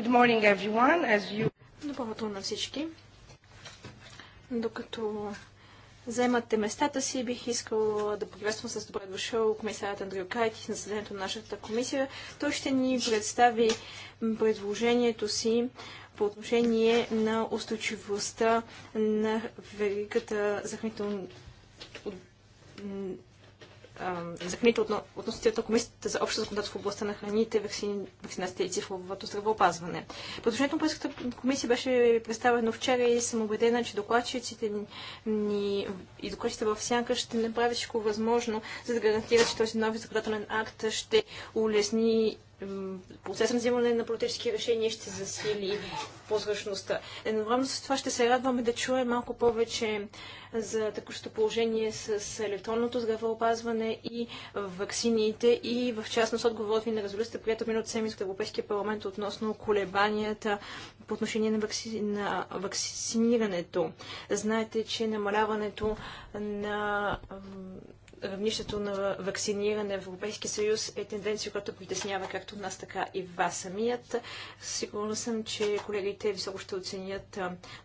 Good morning everyone, as you... Добро утро на всички. Докато заемате местата си, бих искал да приветствам с добре дошъл комисарят Андрио Кайтис на заседанието на нашата комисия. Той ще ни представи предложението си по отношение на устойчивостта на Великата захранителна за храните относно от на Комисията за общо законодателство в областта на храните, вакцинацията и цифровото здравеопазване. Предложението на Българската комисия беше представено вчера и съм убедена, че докладчиците ни и докладчиците в сянка ще направят всичко възможно, за да гарантират, че този нови законодателен акт ще улесни процесът на взимане на политически решения ще засили прозрачността. Едновременно с това ще се радваме да чуем малко повече за текущото положение с електронното здравеопазване и вакцините и в частност отговорът ви на резолюцията, която от седмица от Европейския парламент относно колебанията по отношение на, вакци... на вакцинирането. Знаете, че намаляването на равнището на вакциниране в Европейския съюз е тенденция, която притеснява както нас, така и вас самият. Сигурна съм, че колегите високо ще оценят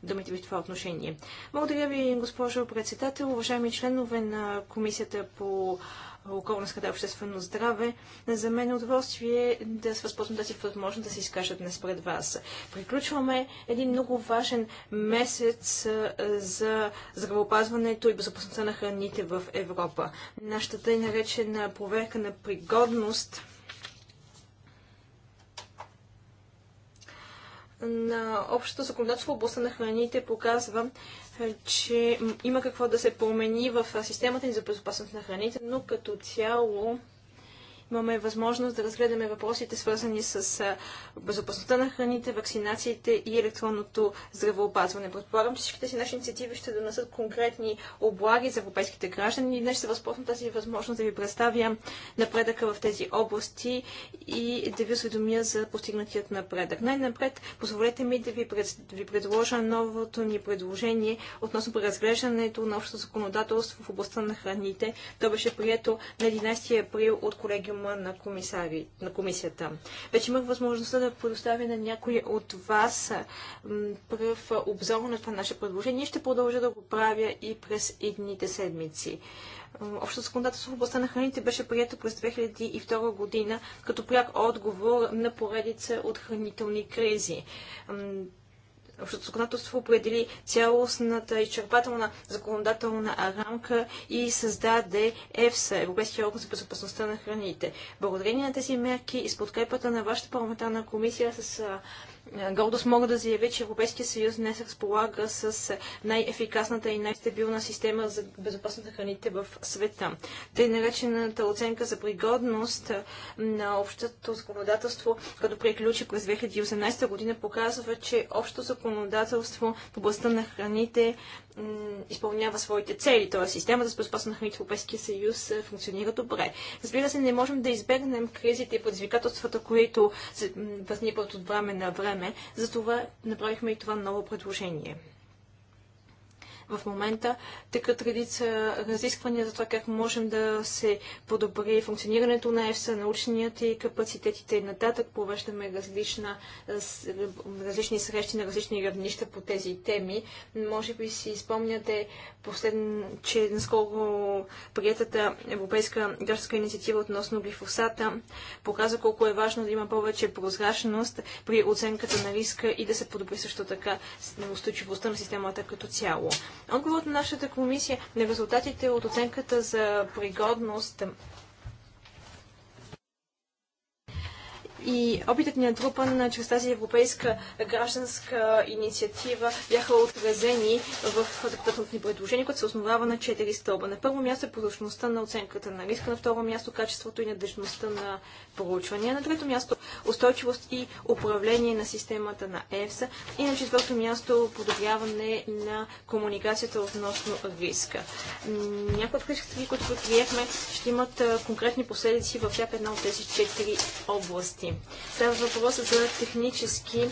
думите ви в това отношение. Благодаря ви, госпожо председател, уважаеми членове на Комисията по околна среда обществено здраве, за мен е удоволствие да се възползвам тази възможност да се изкажа днес пред вас. Приключваме един много важен месец за здравеопазването и безопасността на храните в Европа. Нашата тъй наречена проверка на пригодност на общото законодателство в областта на храните показва, че има какво да се промени в системата ни за безопасност на храните, но като цяло имаме възможност да разгледаме въпросите, свързани с безопасността на храните, вакцинациите и електронното здравеопазване. Предполагам, че всичките си наши инициативи ще донесат конкретни облаги за европейските граждани. И днес се възползвам тази възможност да ви представя напредъка в тези области и да ви осведомя за постигнатият напредък. Най-напред, позволете ми да ви, пред, да ви предложа новото ни предложение относно преразглеждането на общото законодателство в областта на храните. То беше прието на 11 април от колегиума премиума на, комисари, на комисията. Вече имах възможността да предоставя на някой от вас пръв обзор на това наше предложение. Ще продължа да го правя и през едните седмици. Общо законодателство в областта на храните беше прието през 2002 година като пряк отговор на поредица от хранителни кризи общото законодателство определи цялостната изчерпателна законодателна рамка и създаде ЕФСА, Европейския орган за безопасността на храните. Благодарение на тези мерки и с подкрепата на вашата парламентарна комисия с гордост мога да заявя, че Европейския съюз днес разполага с най-ефикасната и най-стабилна система за безопасност на храните в света. Тъй наречената оценка за пригодност на общото законодателство, като приключи през 2018 година, показва, че общото законодателство в областта на храните изпълнява своите цели. Тоест, системата за безопасност на храните в Европейския съюз е, функционира добре. Разбира се, не можем да избегнем кризите и предизвикателствата, които възникват от време на време време, затова направихме и това ново предложение. В момента тъкат редица разисквания за това как можем да се подобри функционирането на ЕФСА, научният и капацитетите и нататък. Повеждаме различна, различни срещи на различни равнища по тези теми. Може би си спомняте последно, че наскоро приятата Европейска гражданска инициатива относно глифосата показва колко е важно да има повече прозрачност при оценката на риска и да се подобри също така устойчивостта на системата като цяло. Отговорът на нашата комисия на резултатите от оценката за пригодност и опитът ни е натрупан чрез тази европейска гражданска инициатива бяха отразени в депутатното ни предложение, което се основава на четири стълба. На първо място е прозрачността на оценката на риска, на второ място качеството и надежността на проучвания, на трето място устойчивост и управление на системата на ЕФСА и на четвърто място подобряване на комуникацията относно риска. Някои от критиките, които приехме, ще имат конкретни последици във всяка една от тези четири области. Става въпросът за технически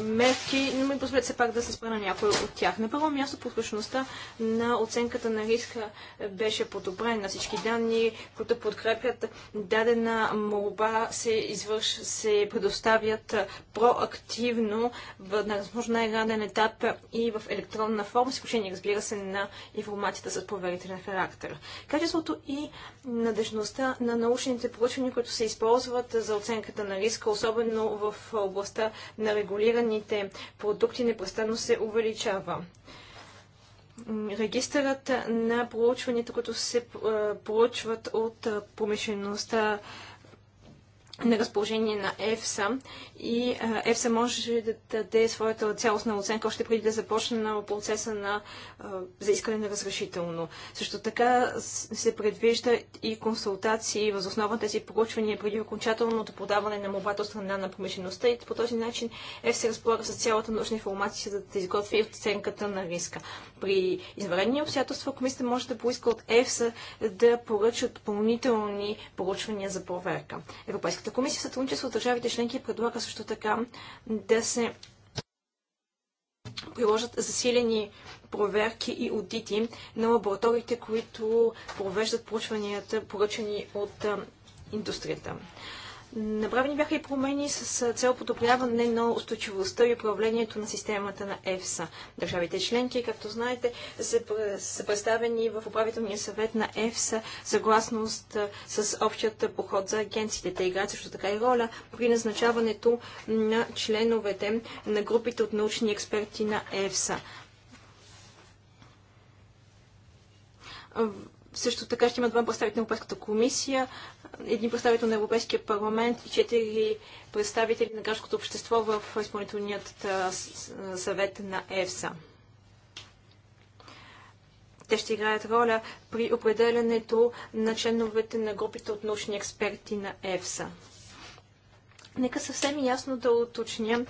мерки, но ми позволят все пак да се спра на някои от тях. На първо място послушността на оценката на риска беше подобрена. Всички данни, които подкрепят дадена молба, се, извърш, се предоставят проактивно в възможно най-ранен етап и в електронна форма, с изключение, разбира се, на информацията с поверителен характер. Качеството и надежността на научните проучвания, които се използват за оценката на риска, особено в областта на регулираните продукти непрестанно се увеличава. Регистърът на проучванията, които се проучват от промишлеността, на разположение на ЕФСА и ЕФСА може да даде своята цялостна оценка още преди да започне на процеса на, заискане на разрешително. Също така се предвижда и консултации въз основа на тези проучвания преди окончателното подаване на мобата от страна на промишлеността и по този начин ЕФСА разполага с цялата нужна информация за да изготви оценката на риска. При извънредни обстоятелства комисията може да поиска от ЕФСА да поръча допълнителни проучвания за проверка. Европейската Европейската комисия сътрудничество с държавите членки предлага също така да се приложат засилени проверки и аудити на лабораториите, които провеждат проучванията, поръчани от индустрията. Направени бяха и промени с цел подобряване на устойчивостта и управлението на системата на ЕФСА. Държавите членки, както знаете, са, представени в управителния съвет на ЕФСА съгласно с общият поход за агенциите. Те играят също така и роля при назначаването на членовете на групите от научни експерти на ЕФСА също така ще има два представители на Европейската комисия, един представител на Европейския парламент и четири представители на гражданското общество в изпълнителният съвет на ЕФСА. Те ще играят роля при определенето на членовете на групите от научни експерти на ЕФСА. Нека съвсем ясно да уточня,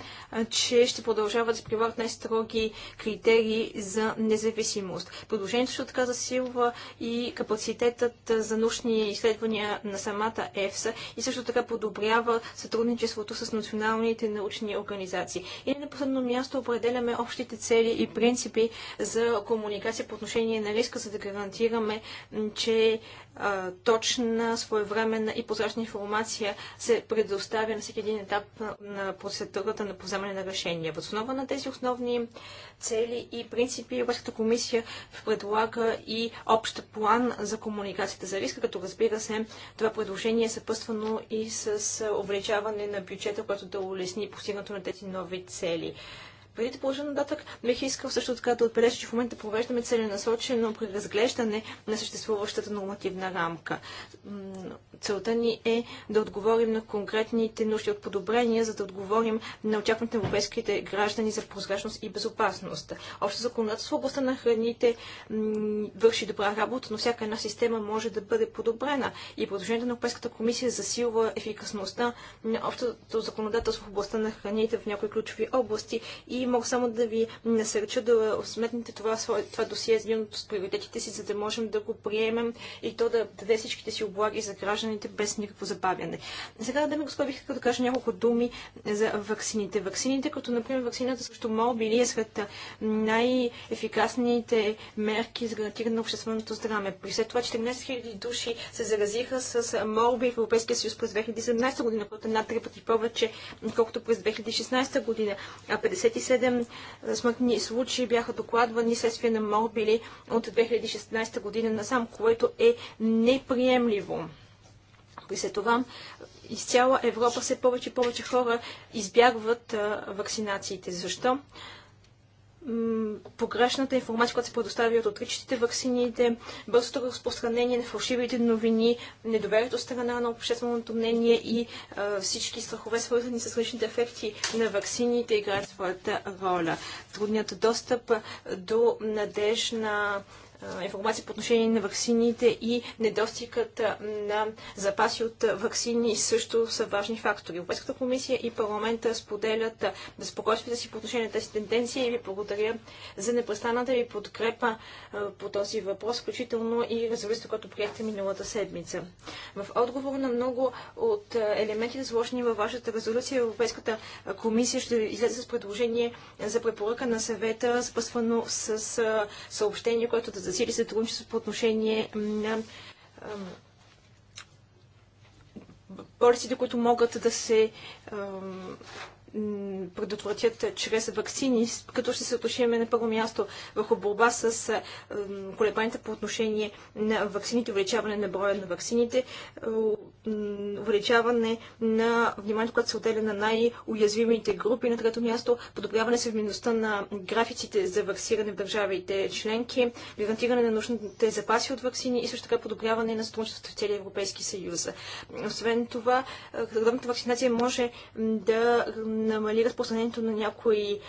че ще продължават да се прилагат най-строги критерии за независимост. Продължението ще отказа силва и капацитетът за научни изследвания на самата ЕФСА и също така подобрява сътрудничеството с националните научни организации. И на последно място определяме общите цели и принципи за комуникация по отношение на риска, за да гарантираме, че а, точна, своевременна и прозрачна информация се предоставя на всеки един етап на процедурата на поземане на решения. Възоснова основа на тези основни цели и принципи Европейската комисия предлага и общ план за комуникацията за риска, като разбира се, това предложение е съпъствано и с увеличаване на бюджета, което да улесни постигнато на тези нови цели. Преди да положа нататък, бих искал също така да отбележа, че в момента провеждаме целенасочено при разглеждане на съществуващата нормативна рамка. Целта ни е да отговорим на конкретните нужди от подобрения, за да отговорим на очакването на европейските граждани за прозрачност и безопасност. Общо законодателство в областта на храните върши добра работа, но всяка една система може да бъде подобрена и продължението на Европейската комисия засилва ефикасността на общото законодателство в областта на храните в някои ключови области и и мога само да ви насърча да сметнете това, това досие с един от приоритетите си, за да можем да го приемем и то да даде всичките си облаги за гражданите без никакво забавяне. Сега, да ми господи, бих да кажа няколко думи за ваксините. Ваксините, като например ваксината срещу или е сред най-ефикасните мерки за гарантиране на общественото здраве. При след това 14 000 души се заразиха с моби в Европейския съюз през 2017 година, което е над три пъти повече, колкото през 2016 година. А 57 27 смъртни случаи бяха докладвани следствие на морбили от 2016 година насам, което е неприемливо. При след това из цяла Европа все повече и повече хора избягват а, вакцинациите. Защо? погрешната информация, която се предоставя от отричащите вакцините, бързото разпространение на фалшивите новини, недоверието страна на общественото мнение и а, всички страхове, свързани с различните ефекти на вакцините, играят своята роля. Трудният достъп до надежна информация по отношение на ваксините и недостигът на запаси от ваксини също са важни фактори. Европейската комисия и парламента споделят безпокойствите си по отношение на тези тенденции и ви благодаря за непрестаната ви подкрепа по този въпрос, включително и резолюцията, която приехте миналата седмица. В отговор на много от елементите, заложени във вашата резолюция, Европейската комисия ще излезе с предложение за препоръка на съвета, спъсвано с съобщение, което да засили сътрудничество по отношение на болестите, които могат да се предотвратят чрез вакцини, като ще се отрешиме на първо място върху борба с колебанията по отношение на вакцините, увеличаване на броя на вакцините, увеличаване на вниманието, което се отделя на най-уязвимите групи. На трето място, подобряване съвместността на графиците за вакциране в държавите членки, гарантиране на нужните запаси от вакцини и също така подобряване на сътрудничеството в целия Европейски съюз. Освен това, редовната вакцинация може да намали разпространението на някои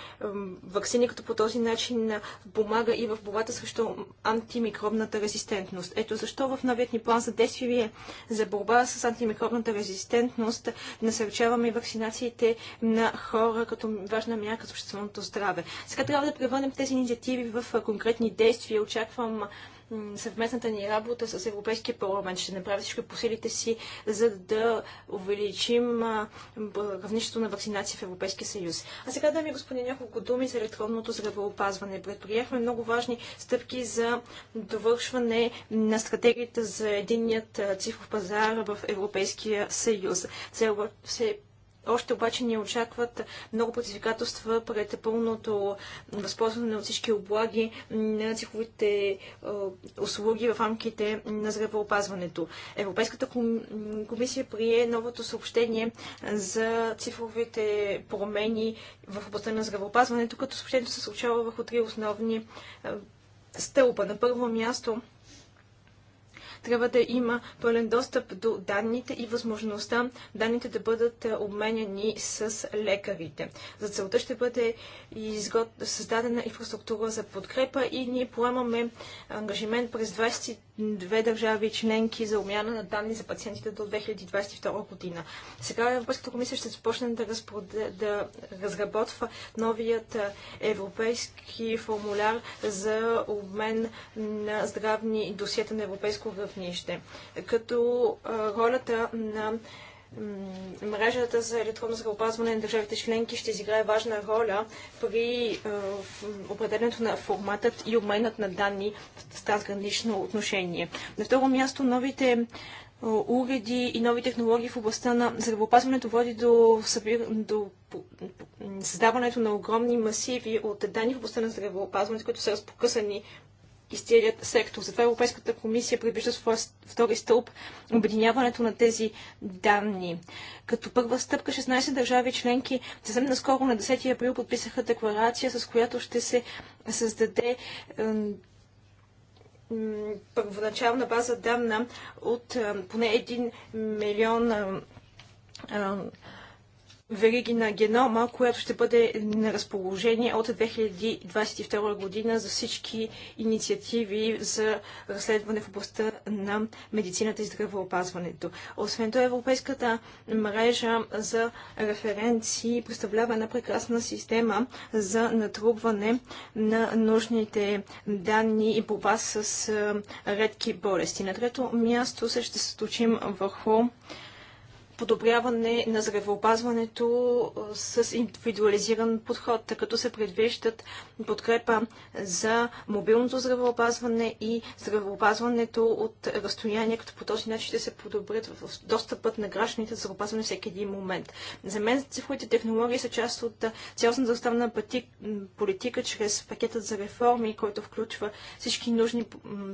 вакцини, като по този начин помага и в борбата срещу антимикробната резистентност. Ето защо в новият ни план за действие за борба с антимикробната резистентност насърчаваме вакцинациите на хора като важна мярка за общественото здраве. Сега трябва да превърнем тези инициативи в е, конкретни действия. Очаквам съвместната ни работа с Европейския парламент. Ще направим всички посилите си, за да увеличим равнището на вакцинация в Европейския съюз. А сега, да ми господин няколко думи за електронното здравеопазване. Предприехме много важни стъпки за довършване на стратегията за единният цифров пазар в Европейския съюз. Цел все още обаче ни очакват много предизвикателства пред пълното възползване от всички облаги на цифровите услуги в рамките на здравеопазването. Европейската комисия прие новото съобщение за цифровите промени в областта на здравеопазването, като съобщението се случава върху три основни стълба. На първо място трябва да има пълен достъп до данните и възможността данните да бъдат е, обменяни с лекарите. За целта ще бъде изгод... създадена инфраструктура за подкрепа и ние поемаме ангажимент през 20 две държави членки за умяна на данни за пациентите до 2022 година. Сега Европейската комисия ще започне да, разпроде, да разработва новият е, европейски формуляр за обмен на здравни досиета на европейско равнище. Като е, ролята на мрежата за електронно здравеопазване на държавите членки ще изиграе важна роля при е, определенето на форматът и обменът на данни с трансгранично отношение. На второ място, новите е, уреди и нови технологии в областта на здравеопазването води до, събир... до създаването на огромни масиви от данни в областта на здравеопазването, които са разпокъсани из целият сектор. Затова Европейската комисия предвижда своя втори стълб обединяването на тези данни. Като първа стъпка 16 държави членки съвсем наскоро на 10 април подписаха декларация, с която ще се създаде първоначална база данна от поне 1 милион вериги на генома, която ще бъде на разположение от 2022 година за всички инициативи за разследване в областта на медицината и здравеопазването. Освен това, Европейската мрежа за референции представлява една прекрасна система за натрупване на нужните данни и борба с е, редки болести. На трето място се ще се точим върху подобряване на здравеопазването с индивидуализиран подход, тъй като се предвиждат подкрепа за мобилното здравеопазване и здравеопазването от разстояние, като по този начин ще се подобрят в достъпът на гражданите за здравеопазване всеки един момент. За мен цифровите технологии са част от цялостната заставна политика чрез пакетът за реформи, който включва всички нужни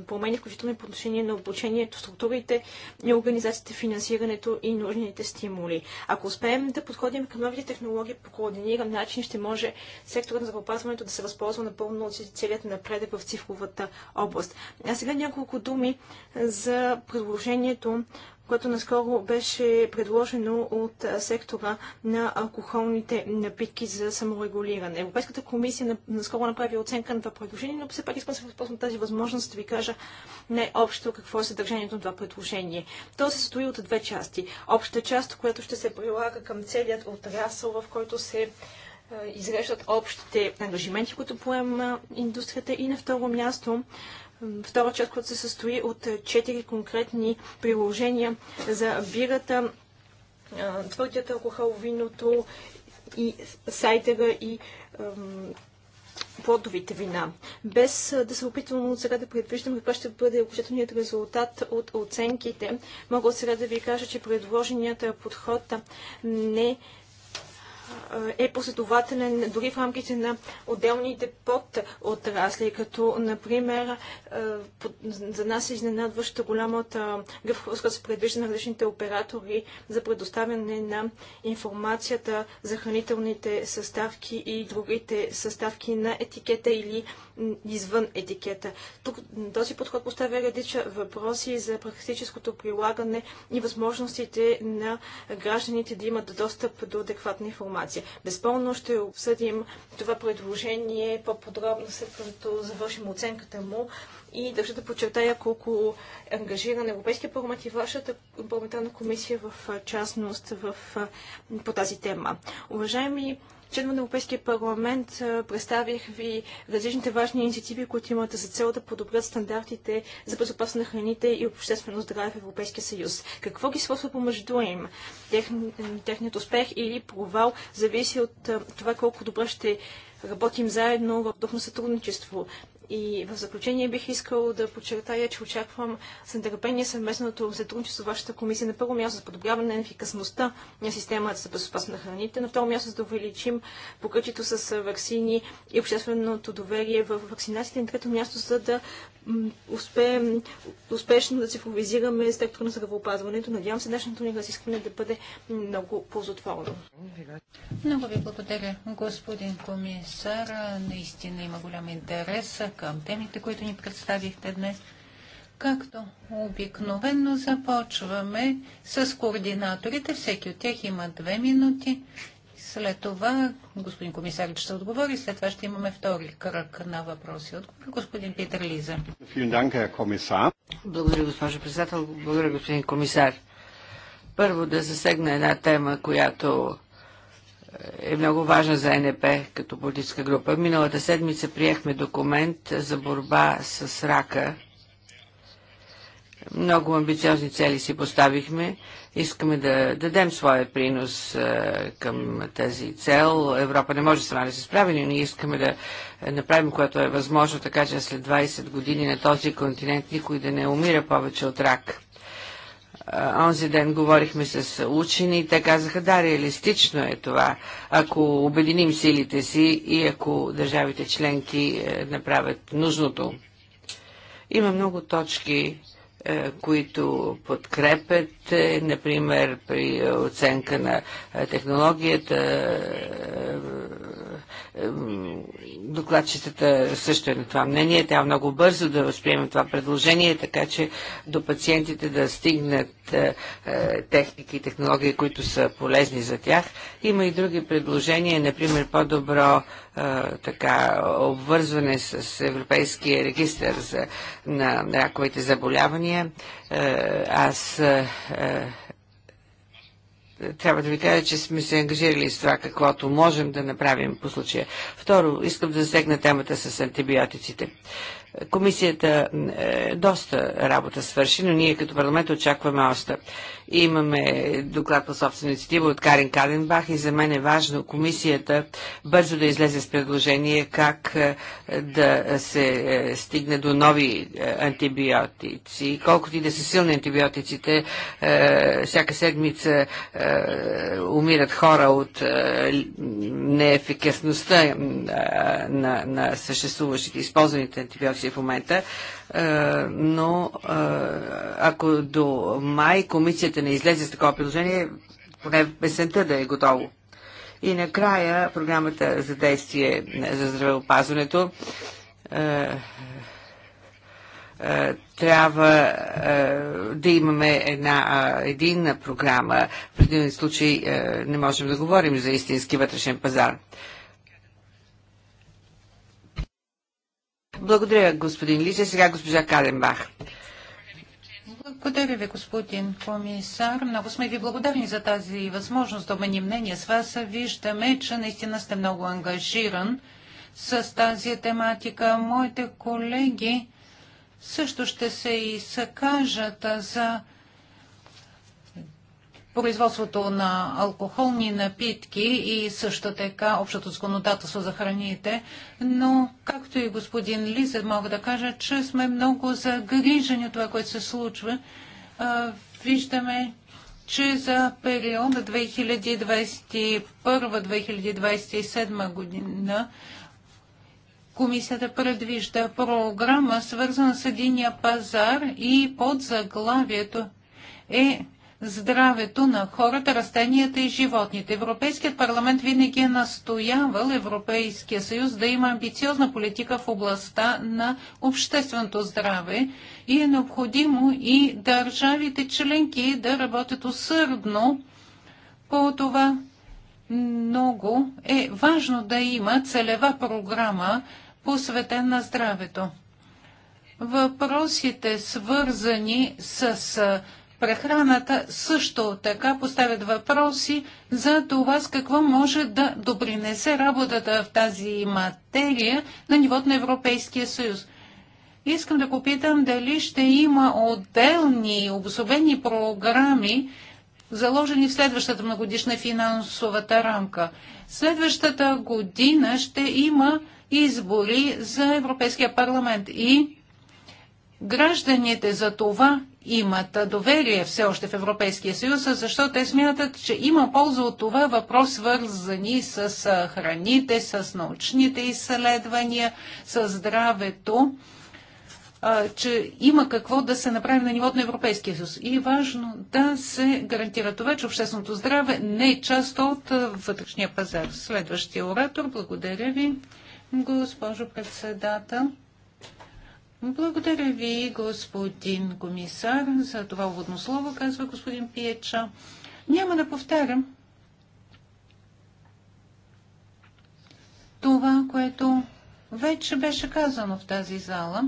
промени, включително и по отношение на обучението, структурите и организациите, финансирането и нужните новите стимули. Ако успеем да подходим към новите технологии по координиран начин, ще може секторът на здравеопазването да се възползва напълно от целият напредък в цифровата област. А сега няколко думи за предложението което наскоро беше предложено от сектора на алкохолните напитки за саморегулиране. Европейската комисия наскоро направи оценка на това предложение, но все пак искам да се възползвам тази възможност да ви кажа най общо какво е съдържанието на това предложение. То се състои от две части. Обща част, която ще се прилага към целият отрасъл, в който се изреждат общите ангажименти, които поема индустрията и на второ място втора част, която се състои от е, четири конкретни приложения за бирата, твърдият алкохол, виното и сайтера и плодовите вина. Без да се опитвам от сега да предвиждам каква ще бъде окончателният резултат от оценките, мога от сега да ви кажа, че предложеният подход не е последователен дори в рамките на отделните подотрасли, като, например, е, за нас е изненадваща голямата е, гъвкавост, която се предвижда на различните оператори за предоставяне на информацията за хранителните съставки и другите съставки на етикета или извън етикета. Тук този подход поставя редича въпроси за практическото прилагане и възможностите на гражданите да имат достъп до адекватна информация. Безпълно ще обсъдим това предложение по-подробно след като завършим оценката му и държа да подчертая колко ангажиран е Европейския парламент и вашата парламентарна комисия в частност в, по тази тема. Уважаеми членове на Европейския парламент представих ви различните важни инициативи, които имат за цел да подобрят стандартите за безопасност на храните и обществено здраве в Европейския съюз. Какво ги свързва помежду им? Тех, техният успех или провал зависи от това колко добре ще работим заедно в дух на сътрудничество. И в заключение бих искал да подчертая, че очаквам с нетърпение съвместното сътрудничество с вашата комисия на първо място за подобряване на ефикасността на системата за безопасност на храните, на второ място за да увеличим покритието с вакцини и общественото доверие в вакцинациите, на трето място за да успеем успешно да цифровизираме сектора на здравеопазването. Надявам се днешното ни разискване да бъде много ползотворно. Много ви благодаря, господин комисар. Наистина има голям интерес към темите, които ни представихте днес. Както обикновенно започваме с координаторите. Всеки от тях има две минути. След това господин комисар ще отговори. След това ще имаме втори кръг на въпроси. Отговор господин Питер Лиза. Благодаря, госпожо председател. Благодаря, господин комисар. Първо да засегна една тема, която е много важна за НП като политическа група. Миналата седмица приехме документ за борба с рака. Много амбициозни цели си поставихме. Искаме да дадем своя принос е, към тази цел. Европа не може сама да се справи, но ние искаме да направим, което е възможно, така че след 20 години на този континент никой да не умира повече от рак онзи ден говорихме с учени и те казаха, да, реалистично е това, ако обединим силите си и ако държавите членки е, направят нужното. Има много точки, е, които подкрепят, е, например, при оценка на технологията, Докладчицата също е на това мнение. Трябва много бързо да възприемем това предложение, така че до пациентите да стигнат е, е, техники и технологии, които са полезни за тях. Има и други предложения, например по-добро е, така обвързване с Европейския регистр за, на раковите заболявания. Аз трябва да ви кажа, че сме се ангажирали с това, каквото можем да направим по случая. Второ, искам да засегна темата с антибиотиците. Комисията е, доста работа свърши, но ние като парламент очакваме още. Имаме доклад по собствена инициатива от Карин Каденбах и за мен е важно комисията бързо да излезе с предложение как е, да се е, стигне до нови е, антибиотици. Колкото и да са силни антибиотиците, всяка седмица умират хора от неефикасността на, на съществуващите, използваните антибиотици в момента, но ако до май комисията да не излезе с такова предложение, поне песента да е готово. И накрая програмата за действие за здравеопазването е, е, трябва е, да имаме една единна програма. В противен случай не можем да говорим за истински вътрешен пазар. Благодаря, господин Лиза. Сега госпожа Каденбах. Благодаря ви, господин комисар. Много сме ви благодарни за тази възможност да обменим мнение с вас. Виждаме, че наистина сте много ангажиран с тази тематика. Моите колеги също ще се изкажат за производството на алкохолни напитки и също така общото законодателство за храните, но както и господин Лизер, мога да кажа, че сме много загрижени от това, което се случва. Виждаме, че за периода 2021-2027 година Комисията предвижда програма, свързана с единия пазар и под заглавието е здравето на хората, растенията и животните. Европейският парламент винаги е настоявал Европейския съюз да има амбициозна политика в областта на общественото здраве и е необходимо и държавите членки да работят усърдно по това. Много е важно да има целева програма, посветен на здравето въпросите, свързани с прехраната също така поставят въпроси за това с какво може да допринесе работата в тази материя на нивото на Европейския съюз. Искам да попитам дали ще има отделни обособени програми, заложени в следващата многодишна финансовата рамка. Следващата година ще има избори за Европейския парламент и гражданите за това имат доверие все още в Европейския съюз, защото те смятат, че има полза от това въпрос, свързани с храните, с научните изследвания, с здравето, че има какво да се направи на нивото на Европейския съюз. И важно да се гарантира това, че общественото здраве не е част от вътрешния пазар. Следващия оратор, благодаря ви, госпожо председател. Благодаря ви, господин комисар, за това уводно слово, казва господин Пиеча. Няма да повтарям това, което вече беше казано в тази зала.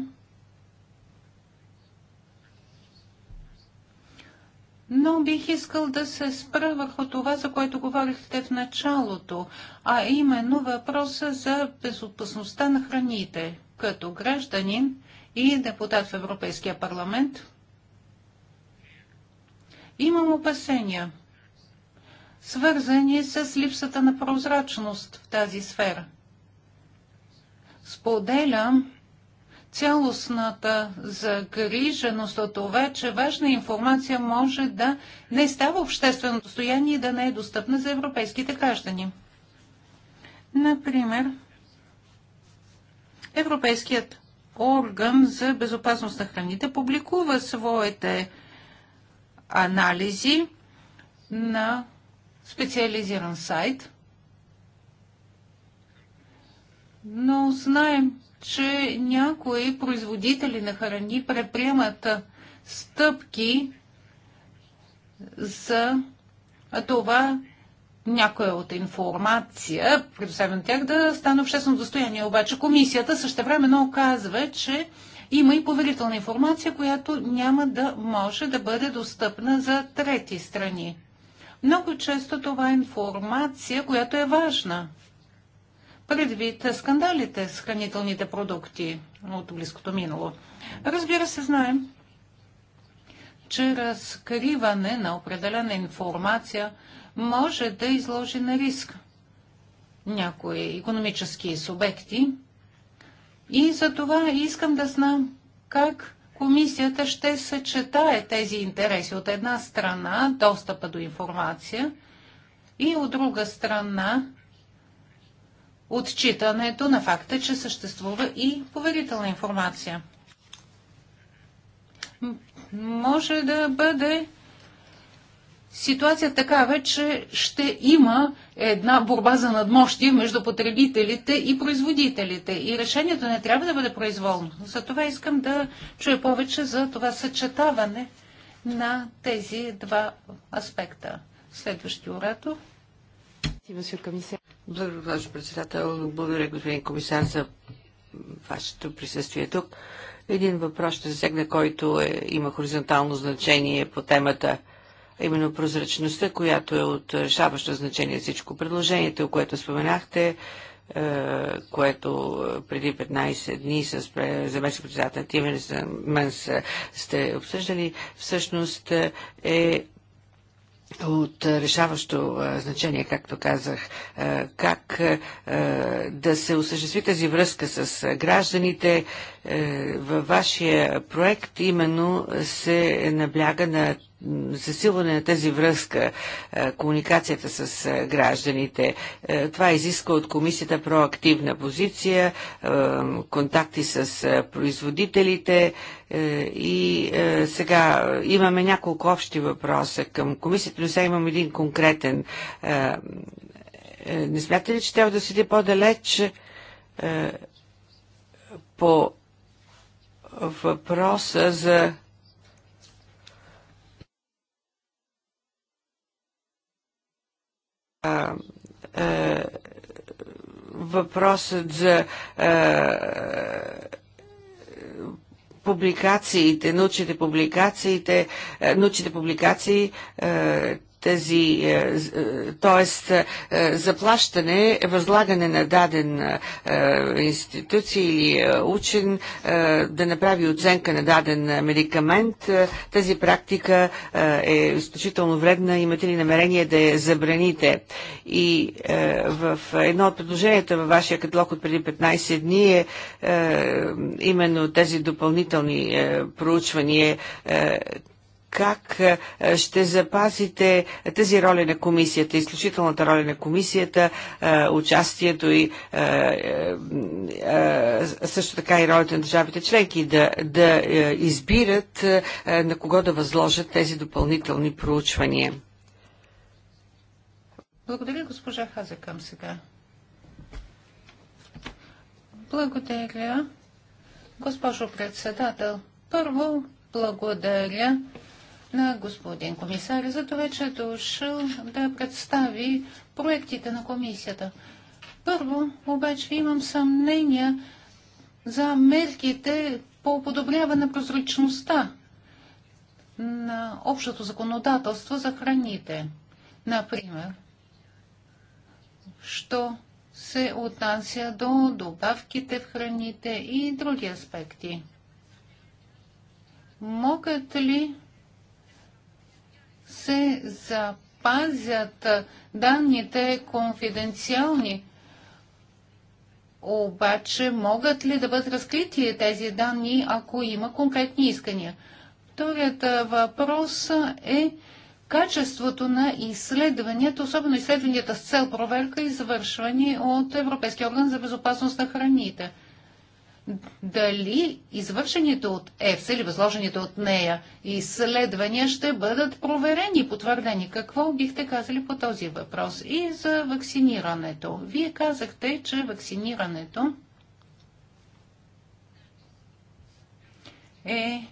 Но бих искал да се спра върху това, за което говорихте в началото, а именно въпроса за безопасността на храните. Като гражданин, и депутат в Европейския парламент, имам опасения, свързани с липсата на прозрачност в тази сфера. Споделям цялостната загриженост от това, че важна информация може да не става обществено достояние и да не е достъпна за европейските граждани. Например, Европейският орган за безопасност на храните публикува своите анализи на специализиран сайт. Но знаем, че някои производители на храни предприемат стъпки за това някоя от информация, предоставена тях, да стане обществено достояние. Обаче комисията също същевременно оказва, че има и поверителна информация, която няма да може да бъде достъпна за трети страни. Много често това е информация, която е важна. Предвид скандалите с хранителните продукти от близкото минало. Разбира се, знаем, че разкриване на определена информация – може да изложи на риск някои економически субекти. И за това искам да знам как комисията ще съчетае тези интереси. От една страна достъпа до информация и от друга страна отчитането на факта, че съществува и поверителна информация. Може да бъде ситуация такава, че ще има една борба за надмощие между потребителите и производителите. И решението не трябва да бъде произволно. Затова искам да чуя повече за това съчетаване на тези два аспекта. Следващи оратор. Благодаря, госпожо председател. Благодаря, господин комисар, за вашето присъствие тук. Един въпрос ще засегна, който е, има хоризонтално значение по темата – именно прозрачността, която е от решаващо значение всичко. Предложението, което споменахте, е, което е, преди 15 дни с е, заместник председател Тименс Мънс сте обсъждали, всъщност е от решаващо значение, както казах, как да се осъществи тази връзка с гражданите, е, във вашия проект именно се набляга на засилване на тази връзка, е, комуникацията с е, гражданите. Това изисква от комисията проактивна позиция, контакти с производителите и сега имаме няколко общи въпроса към комисията, но сега имам един конкретен. Не смятате ли, че трябва да седи по-далеч по въпроса за а, въпросът за публикациите, научните публикациите, научните публикации, тази, т.е. Е, е, е, заплащане, възлагане на даден институция или учен да направи оценка на даден медикамент, тази практика е изключително вредна. Имате ли намерение да я забраните? И в едно от предложенията във вашия каталог от преди 15 дни е именно тези допълнителни проучвания как е, ще запазите тази роля на комисията, изключителната роля на комисията, е, участието и е, също така и ролята на държавите членки да, да избират на кого да възложат тези допълнителни проучвания. Благодаря, госпожа Хаза, към сега. Благодаря, госпожо председател. Първо, благодаря на господин комисар за това, че е дошъл да представи проектите на комисията. Първо, обаче, имам съмнения за мерките по подобряване на прозрачността на общото законодателство за храните. Например, що се отнася до добавките в храните и други аспекти. Могат ли се запазят данните конфиденциални. Обаче могат ли да бъдат разкрити тези данни, ако има конкретни искания? Вторият въпрос е качеството на изследванията, особено изследванията с цел проверка, завършване от Европейския орган за безопасност на храните дали извършените от ЕФС или възложените от нея изследвания ще бъдат проверени и потвърдени. Какво бихте казали по този въпрос? И за вакцинирането. Вие казахте, че вакцинирането е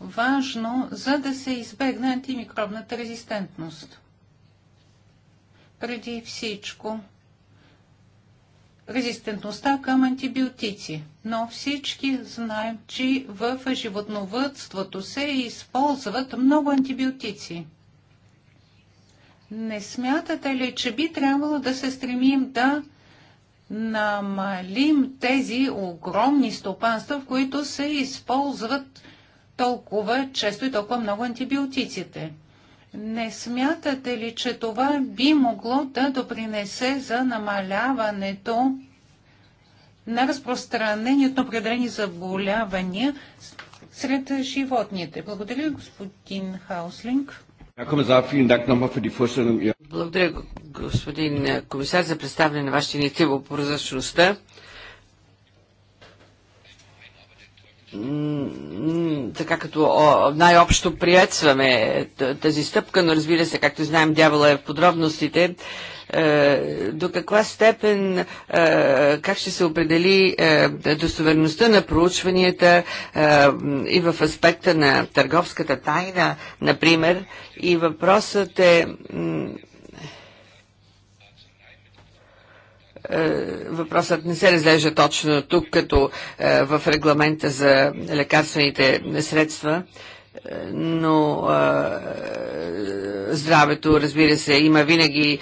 важно, за да се избегне антимикробната резистентност. Преди всичко, резистентността към антибиотици. Но всички знаем, че в животновътството се използват много антибиотици. Не смятате ли, че би трябвало да се стремим да намалим тези огромни стопанства, в които се използват толкова често и толкова много антибиотиците? Не смятате ли, че това би могло да допринесе за намаляването на разпространението на определени заболявания сред животните? Благодаря, господин Хауслинг. Благодаря, господин комисар, за представяне на вашата инициатива по прозрачността. така като най-общо приветстваме тази стъпка, но разбира се, както знаем, дявола е в подробностите. Е, до каква степен, е, как ще се определи е, достоверността на проучванията и в аспекта на търговската тайна, например, и въпросът е Е, въпросът не се разглежда точно тук, като е, в регламента за лекарствените средства е, но здравето, разбира се, има винаги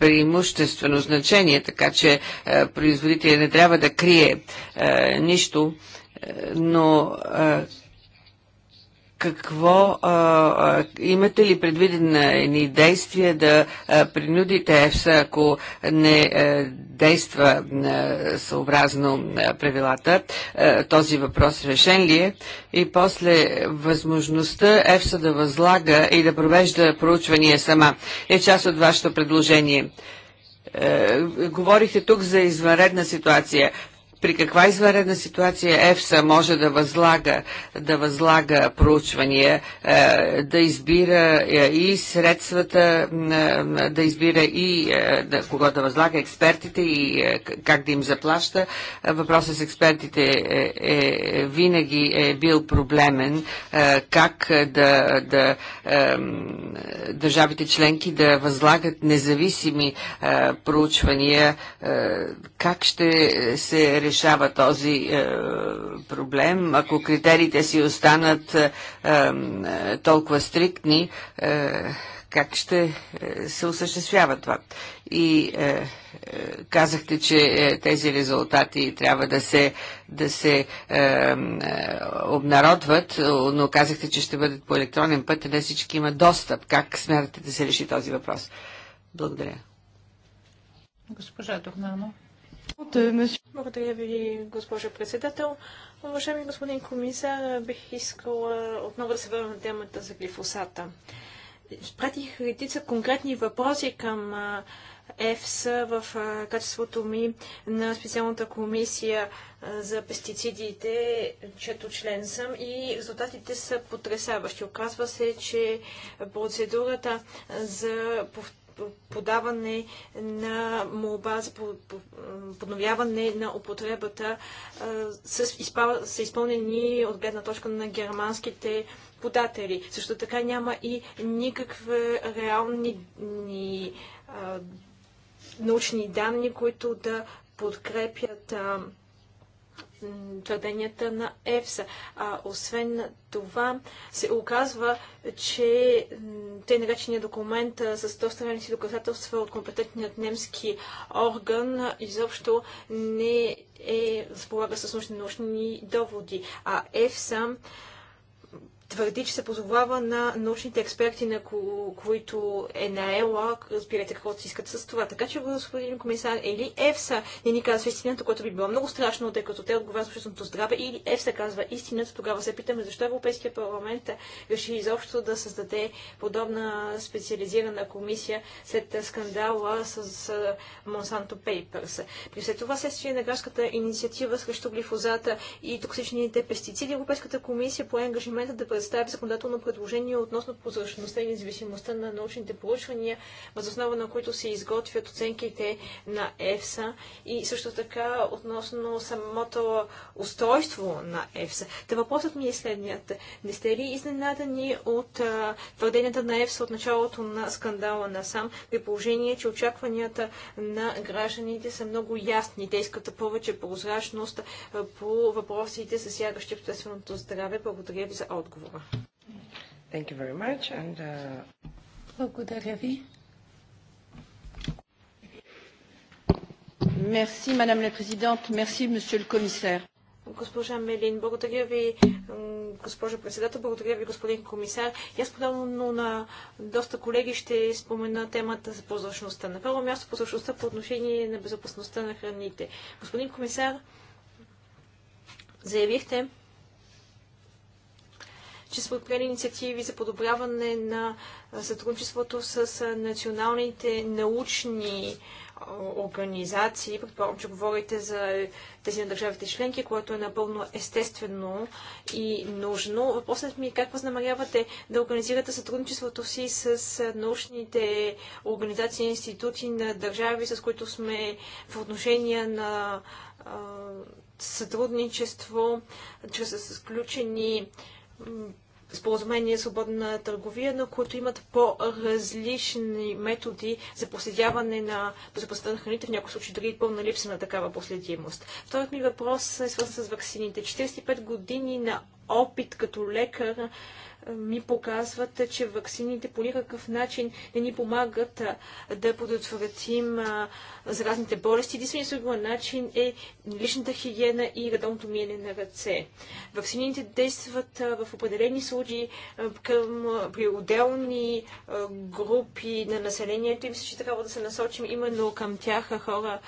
преимуществено значение, така че производителя не трябва да крие нищо, но какво а, а, имате ли предвидени действия да а, принудите ЕФСА, ако не а, действа а, съобразно а, правилата? А, този въпрос решен ли е? И после възможността ЕФСА да възлага и да провежда проучвания сама е част от вашето предложение е, говорихте тук за извънредна ситуация при каква изварена ситуация ЕФСА може да възлага, да възлага проучвания, е, е, е, да избира и средствата, да избира и да, кого да възлага експертите и как да им заплаща. Въпросът с експертите е, е, винаги е бил проблемен. Как да, да е, държавите членки да възлагат независими проучвания, как ще се решава този е, проблем, ако критериите си останат е, е толкова стриктни, е, как ще е, се осъществява това? И е, е казахте, че тези резултати трябва да се, да се е, обнародват, но казахте, че ще бъдат по електронен път и не всички имат достъп. Как смятате да се реши този въпрос? Благодаря. Госпожа Дохнанов. Благодаря ви, госпожа председател. Уважаеми господин комисар, бих искала отново да се върна на темата за глифосата. Пратих редица конкретни въпроси към ЕФС в качеството ми на специалната комисия за пестицидите, чето член съм и резултатите са потрясаващи. Оказва се, че процедурата за повторение подаване на молба за подновяване на употребата са изпълнени от гледна точка на германските податели. Също така няма и никакви реални ни, научни данни, които да подкрепят а, твърденията на ЕФСА. А освен това се оказва, че те наречения документ с доставени си доказателства от компетентният немски орган изобщо не е разполага с нужни научни доводи. А ЕФСА твърди, че се позовава на научните експерти, на ко- които е наела, разбирате какво си искат с това. Така че, господин комисар, или е ЕФСА не ни казва истината, което би било много страшно, тъй като те отговарят общественото здраве, или ЕФСА казва истината, тогава се питаме защо Европейския парламент реши изобщо да създаде подобна специализирана комисия след скандала с Монсанто Пейперс. При след това следствие на градската инициатива срещу глифозата и токсичните пестициди, Европейската комисия по ангажимента да представи законодателно предложение относно прозрачността и независимостта на научните проучвания, възоснова на които се изготвят оценките на ЕФСА и също така относно самото устройство на ЕФСА. Та въпросът ми е следният. Не сте ли изненадани от твърденията на ЕФСА от началото на скандала на сам, при положение, че очакванията на гражданите са много ясни. Те искат повече прозрачност по въпросите, засягащи общественото здраве. Благодаря ви за отговор отговор. Thank you very much and, uh... Благодаря ви. Merci, Madame la Présidente. Merci, Monsieur le Commissaire. Госпожа Мелин, благодаря ви, госпожа председател, благодаря ви, господин комисар. И аз подобно на доста колеги ще спомена темата за прозрачността. На първо място прозрачността по отношение на безопасността на храните. Господин комисар, заявихте, че са предприели инициативи за подобряване на сътрудничеството с националните научни организации. Предполагам, че говорите за тези на държавите членки, което е напълно естествено и нужно. Въпросът ми е как възнамерявате да организирате сътрудничеството си с научните организации и институти на държави, с които сме в отношение на сътрудничество чрез сключени споразумения за свободна търговия, но които имат по-различни методи за проследяване на безопасността на храните, в някои случаи дори пълна липса на такава последимост. Вторият ми въпрос е свързан с вакцините. 45 години на опит като лекар ми показват, че ваксините по никакъв начин не ни помагат да предотвратим заразните болести. Единственият сега начин е личната хигиена и редовното миене на ръце. Ваксините действат в определени случаи към, при отделни групи на населението и мисля, че трябва да се насочим именно към тях хора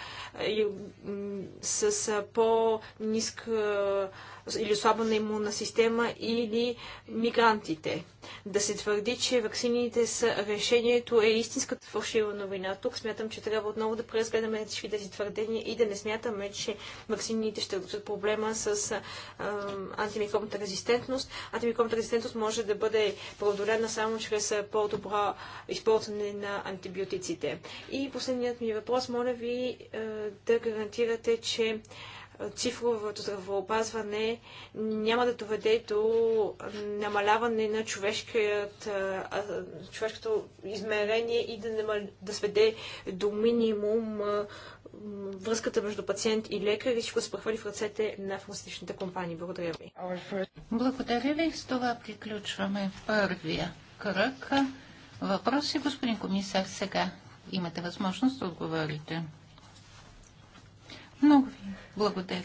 с по-ниска или на имунна система или мигрантите. Да се твърди, че вакцините са решението е истинската фалшива новина. Тук смятам, че трябва отново да преразгледаме всички тези твърдения и да не смятаме, че вакцините ще решат проблема с а, антимикробната резистентност. Антимикробната резистентност може да бъде преодолена само чрез по-добро използване на антибиотиците. И последният ми въпрос, моля ви е, да гарантирате, че цифровото здравеопазване няма да доведе до намаляване на човешкото измерение и да, намал... да сведе до минимум връзката между пациент и лекар и всичко се в ръцете на фармацевтичните компании. Благодаря ви. Благодаря ви. С това приключваме първия кръг. Въпроси, господин комисар, сега имате възможност да отговорите. Много ви благодаря.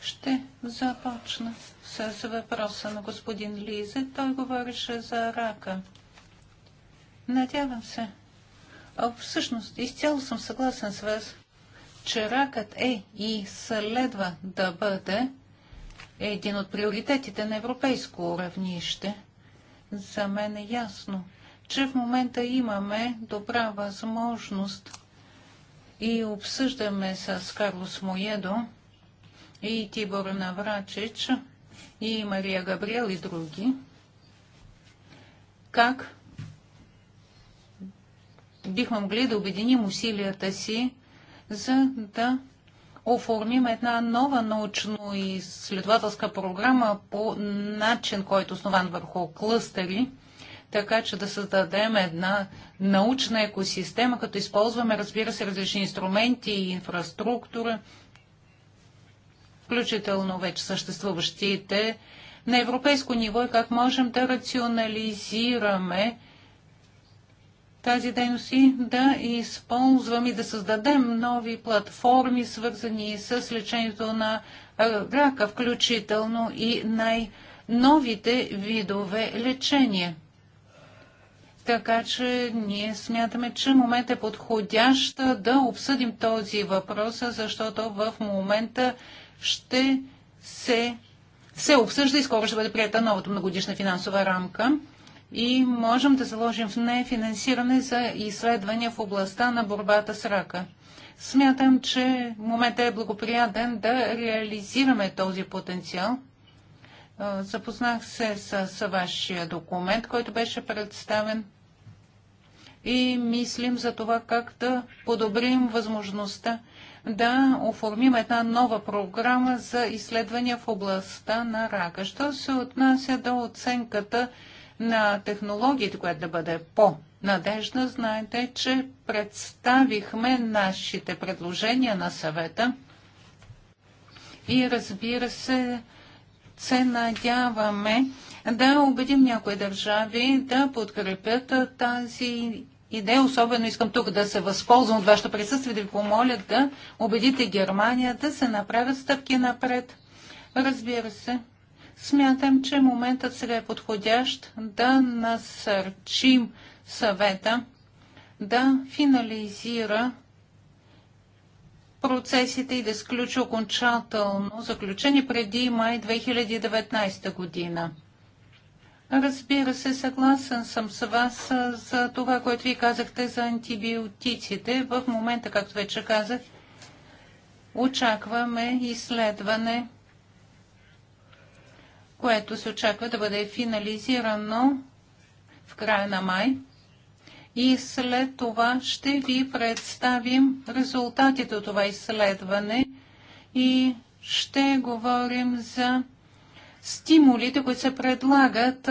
Ще започна с въпроса на господин Лизе. Той говореше за рака. Надявам се. А всъщност, изцяло съм съгласен с вас, че ракът е и следва да бъде един от приоритетите на европейско равнище. За мен е ясно, че в момента имаме добра възможност и обсъждаме с Карлос Моедо и Тибор Наврачич и Мария Габриел и други как бихме могли да обединим усилията си, за да оформим една нова научно-изследователска програма по начин, който е основан върху клъстери – така че да създадем една научна екосистема, като използваме, разбира се, различни инструменти и инфраструктура, включително вече съществуващите на европейско ниво и как можем да рационализираме тази дейност и да използваме и да създадем нови платформи, свързани с лечението на рака, включително и най- новите видове лечение. Така че ние смятаме, че момент е подходящ да обсъдим този въпрос, защото в момента ще се, се обсъжда и скоро ще бъде прията новата многодишна финансова рамка и можем да заложим в нея финансиране за изследвания в областта на борбата с рака. Смятам, че момента е благоприятен да реализираме този потенциал. Запознах се с вашия документ, който беше представен и мислим за това как да подобрим възможността да оформим една нова програма за изследвания в областта на рака. Що се отнася до оценката на технологиите, която да бъде по-надежна, знаете, че представихме нашите предложения на съвета и разбира се, се надяваме да убедим някои държави да подкрепят тази идея. Особено искам тук да се възползвам от вашето присъствие, да ви помоля да убедите Германия да се направят стъпки напред. Разбира се, смятам, че моментът сега е подходящ да насърчим съвета да финализира процесите и да сключи окончателно заключение преди май 2019 година. Разбира се, съгласен съм с вас за това, което ви казахте за антибиотиците. В момента, както вече казах, очакваме изследване, което се очаква да бъде финализирано в края на май. И след това ще ви представим резултатите от това изследване и ще говорим за стимулите, които се предлагат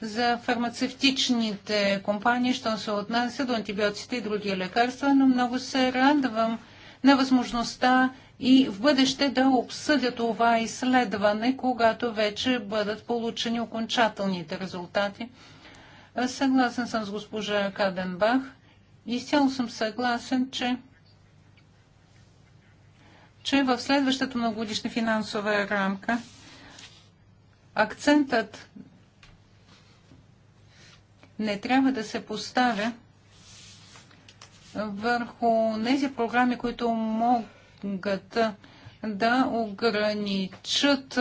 за фармацевтичните компании, що се отнася до антибиотиците и други лекарства, но много се радвам на възможността и в бъдеще да обсъдя това изследване, когато вече бъдат получени окончателните резултати. Съгласен съм с госпожа Каденбах. Изцяло съм съгласен, че че в следващата многогодишна финансова рамка акцентът не трябва да се поставя върху тези програми, които могат да ограничат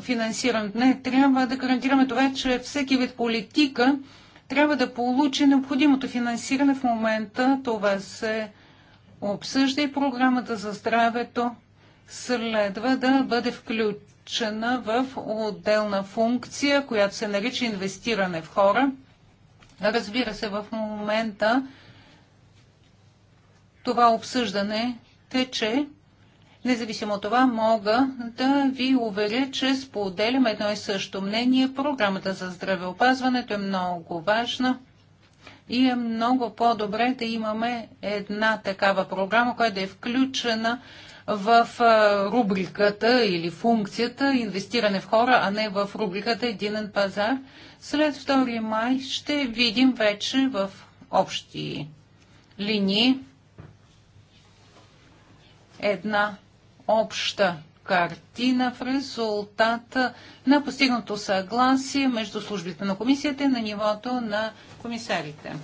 финансирането. Не, трябва да гарантираме това, че всеки вид политика трябва да получи необходимото финансиране в момента. Това се обсъжда и програмата за здравето следва да бъде включена включена в отделна функция, която се нарича инвестиране в хора. Разбира се, в момента това обсъждане тече. Независимо от това, мога да ви уверя, че споделям едно и също мнение. Програмата за здравеопазването е много важна и е много по-добре да имаме една такава програма, която е включена в рубриката или функцията инвестиране в хора, а не в рубриката единен пазар. След 2 май ще видим вече в общи линии една обща картина в резултат на постигнато съгласие между службите на комисията и на нивото на комисарите.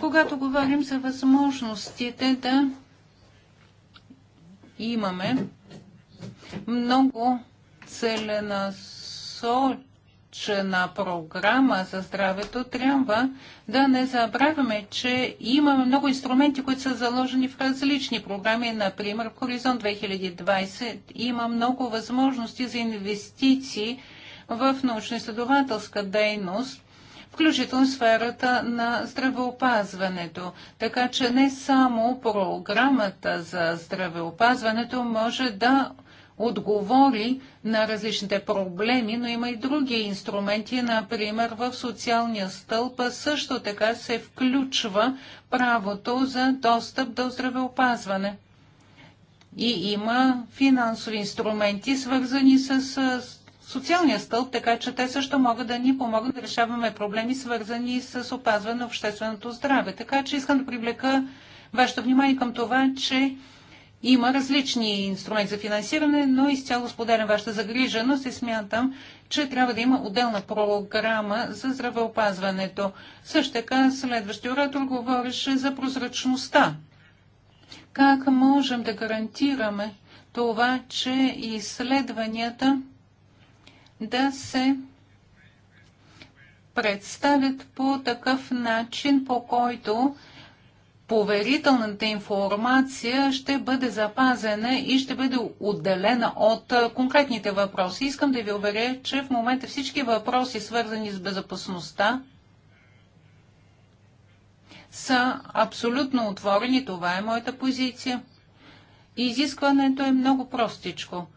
Когато говорим за възможностите да имаме много целенасочена програма за здравето, трябва да не забравяме, че имаме много инструменти, които са заложени в различни програми. Например, в Хоризонт 2020 има много възможности за инвестиции в научно-изследователска дейност включително сферата на здравеопазването. Така че не само програмата за здравеопазването може да отговори на различните проблеми, но има и други инструменти. Например, в социалния стълб също така се включва правото за достъп до здравеопазване. И има финансови инструменти, свързани с социалния стълб, така че те също могат да ни помогнат да решаваме проблеми, свързани с опазване на общественото здраве. Така че искам да привлека вашето внимание към това, че има различни инструменти за финансиране, но изцяло споделям вашата загриженост и смятам, че трябва да има отделна програма за здравеопазването. Също така следващия оратор говореше за прозрачността. Как можем да гарантираме това, че изследванията да се представят по такъв начин, по който поверителната информация ще бъде запазена и ще бъде отделена от конкретните въпроси. Искам да ви уверя, че в момента всички въпроси, свързани с безопасността, са абсолютно отворени. Това е моята позиция. Изискването е много простичко –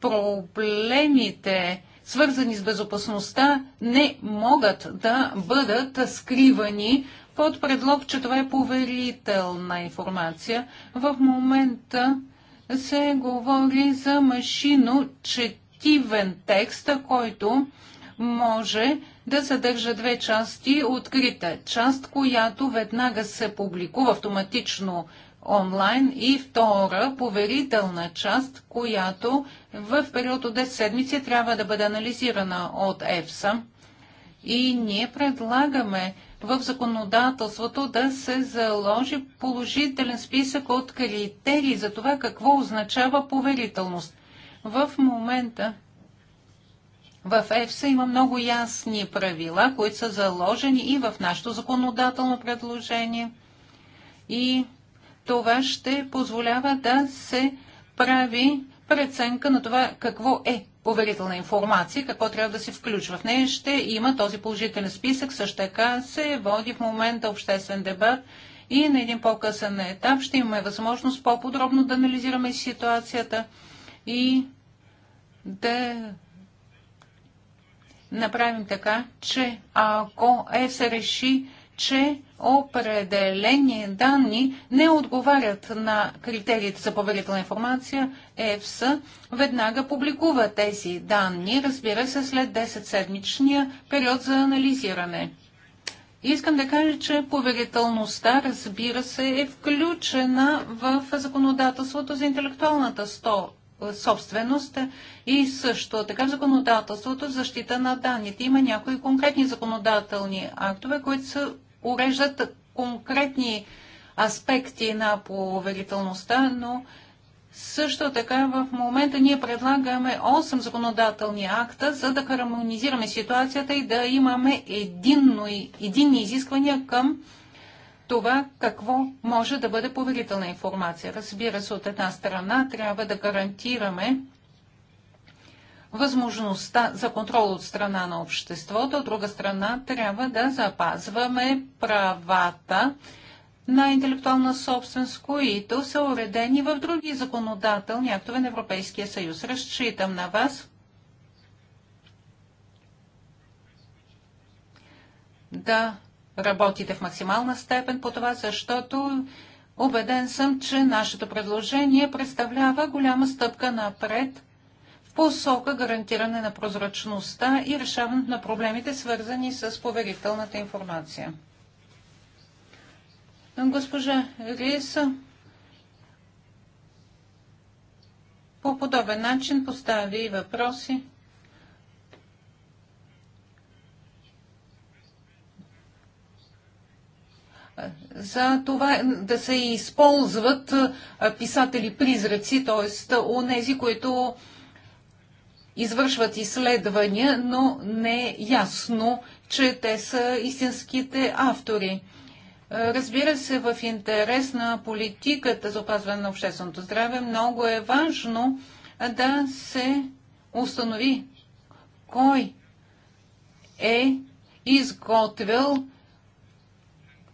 проблемите, свързани с безопасността, не могат да бъдат скривани под предлог, че това е поверителна информация. В момента се говори за машино четивен текст, който може да съдържа две части. Открита част, която веднага се публикува автоматично онлайн и втора поверителна част, която в период от 10 седмици трябва да бъде анализирана от ЕФСА. И ние предлагаме в законодателството да се заложи положителен списък от критерии за това какво означава поверителност. В момента в ЕФСА има много ясни правила, които са заложени и в нашето законодателно предложение. И това ще позволява да се прави преценка на това какво е поверителна информация, какво трябва да се включва в нея. Ще има този положителен списък, също така се води в момента обществен дебат и на един по-късен етап ще имаме възможност по-подробно да анализираме ситуацията и да направим така, че ако е се реши че определени данни не отговарят на критериите за поверителна информация, ЕФС веднага публикува тези данни, разбира се, след 10-седмичния период за анализиране. Искам да кажа, че поверителността, разбира се, е включена в законодателството за интелектуалната сто собственост и също така в законодателството защита на данните. Има някои конкретни законодателни актове, които са уреждат конкретни аспекти на поверителността, но също така в момента ние предлагаме 8 законодателни акта, за да хармонизираме ситуацията и да имаме единно, единни изисквания към това какво може да бъде поверителна информация. Разбира се, от една страна трябва да гарантираме възможността за контрол от страна на обществото, от друга страна трябва да запазваме правата на интелектуална собственост, които са уредени в други законодателни актове на Европейския съюз. Разчитам на вас да работите в максимална степен по това, защото убеден съм, че нашето предложение представлява голяма стъпка напред – посока гарантиране на прозрачността и решаването на проблемите, свързани с поверителната информация. Госпожа Рис по подобен начин постави и въпроси. за това да се използват писатели-призраци, т.е. у нези, които извършват изследвания, но не е ясно, че те са истинските автори. Е, разбира се, в интерес на политиката за опазване на общественото здраве много е важно да се установи кой е изготвил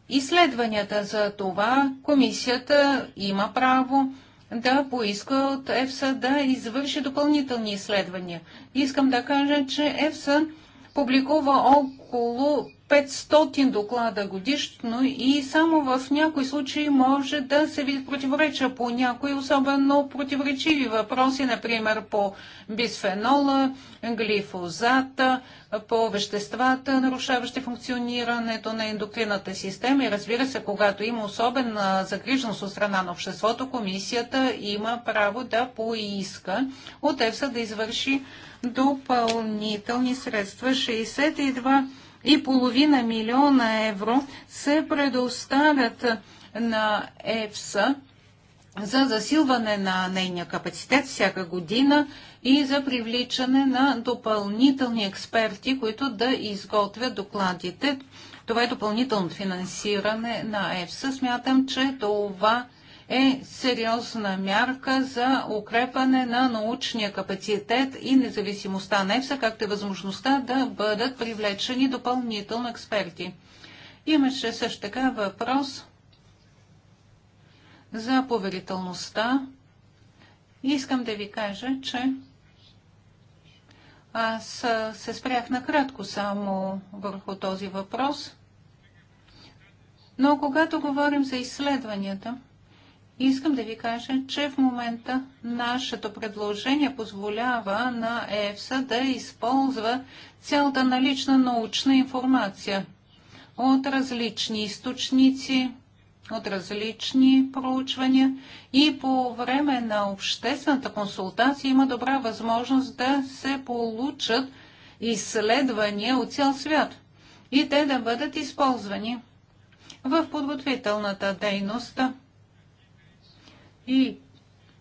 изследванията. За това комисията има право да поиска от ЕФСА да извърши допълнителни изследвания. Искам да кажа, че ЕФСА публикува около 500 доклада годишно и само в някои случаи може да се видят противореча по някои особено противоречиви въпроси, например по бисфенола, глифозата, по веществата, нарушаващи функционирането на ендокринната система и разбира се, когато има особена загриженост от страна на обществото, комисията има право да поиска от ЕФСА да извърши допълнителни средства. 62 и половина милиона евро се предоставят на ЕФСА за засилване на нейния капацитет всяка година и за привличане на допълнителни експерти, които да изготвят докладите. Това е допълнително финансиране на ЕФСА. Смятам, че това е сериозна мярка за укрепване на научния капацитет и независимостта на ЕФСА, както и възможността да бъдат привлечени допълнително експерти. Имаше също така въпрос за поверителността. Искам да ви кажа, че аз се спрях накратко само върху този въпрос. Но когато говорим за изследванията, Искам да ви кажа, че в момента нашето предложение позволява на ЕФСА да използва цялата налична научна информация от различни източници, от различни проучвания и по време на обществената консултация има добра възможност да се получат изследвания от цял свят и те да бъдат използвани в подготвителната дейност и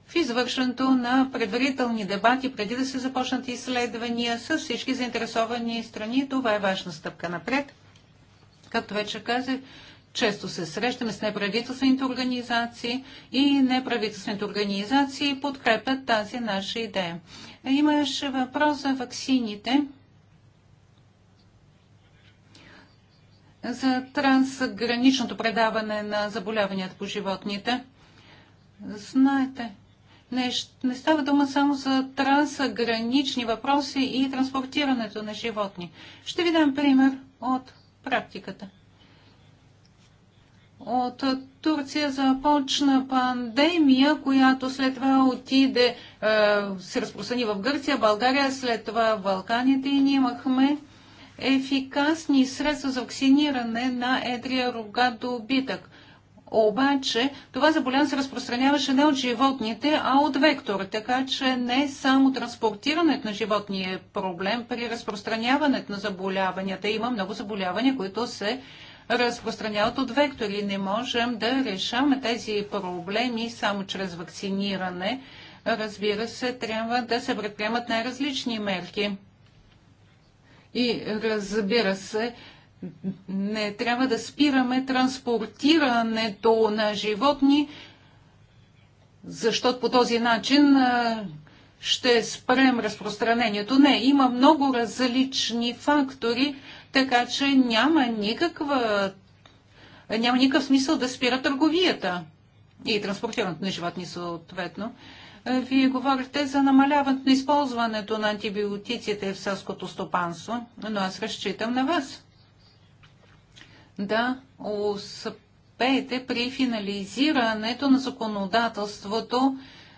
в извършването на предварителни дебати, преди да се започнат изследвания с всички заинтересовани страни. Това е важна стъпка напред. Както вече казах, често се срещаме с неправителствените организации и неправителствените организации подкрепят тази наша идея. Имаше въпрос за ваксините. за трансграничното предаване на заболяванията по животните. Знаете, не, не става дума само за трансгранични въпроси и транспортирането на животни. Ще ви дам пример от практиката. От Турция започна пандемия, която след това отиде, е, се разпространи в Гърция, България, след това в Балканите и ние имахме ефикасни средства за вакциниране на едрия рогат добитък. Обаче това заболяване се разпространяваше не от животните, а от вектор. Така че не само транспортирането на животни е проблем при разпространяването на заболяванията. Има много заболявания, които се разпространяват от вектори. Не можем да решаваме тези проблеми само чрез вакциниране. Разбира се, трябва да се предприемат най-различни мерки. И разбира се, не трябва да спираме транспортирането на животни, защото по този начин ще спрем разпространението. Не, има много различни фактори, така че няма никаква няма никакъв смисъл да спира търговията и транспортирането на животни съответно. Вие говорите за намаляването на използването на антибиотиците в селското стопанство, но аз разчитам на вас да успеете при финализирането на законодателството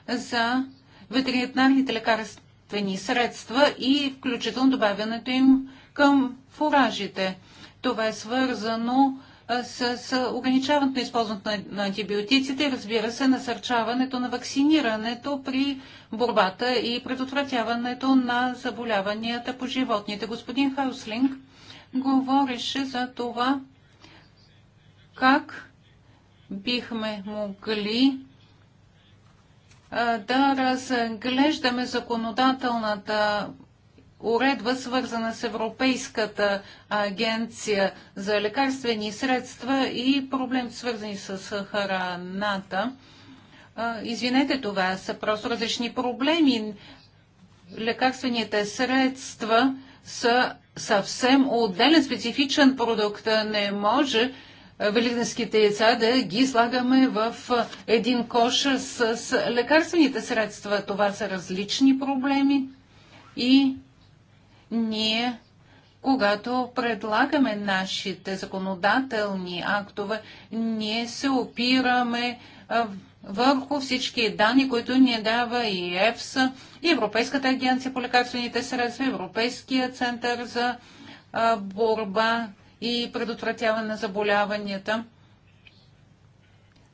за ветеринарните лекарствени средства и включително добавянето им към фуражите. Това е свързано с, с ограничаването на използването на, на антибиотиците и разбира се насърчаването на вакцинирането при борбата и предотвратяването на заболяванията по животните. Господин Хауслинг говореше за това, как бихме могли да разглеждаме законодателната уредба, свързана с Европейската агенция за лекарствени средства и проблем, свързани с храната. Извинете, това са просто различни проблеми. Лекарствените средства са съвсем отделен специфичен продукт. Не може е, великденските яйца да ги слагаме в е, един кош с, с лекарствените средства. Това са различни проблеми и ние, когато предлагаме нашите законодателни актове, ние се опираме е, върху всички данни, които ни дава и ЕФСА, и Европейската агенция по лекарствените средства, Европейския център за борба и предотвратяване на заболяванията.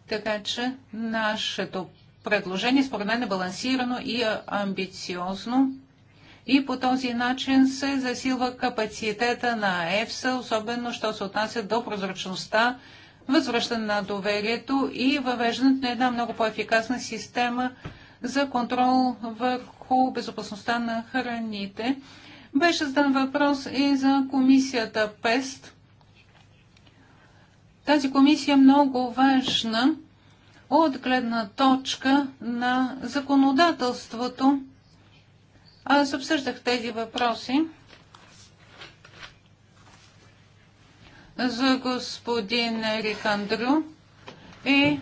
Така че нашето предложение според мен е балансирано и амбициозно. И по този начин се засилва капацитета на ЕФСА, особено що се отнася до прозрачността, възвръщане на доверието и въвеждането на една много по-ефикасна система за контрол върху безопасността на храните. Беше задан въпрос и за комисията ПЕСТ. Тази комисия е много важна от гледна точка на законодателството. Аз обсъждах тези въпроси за господин Рихандрю и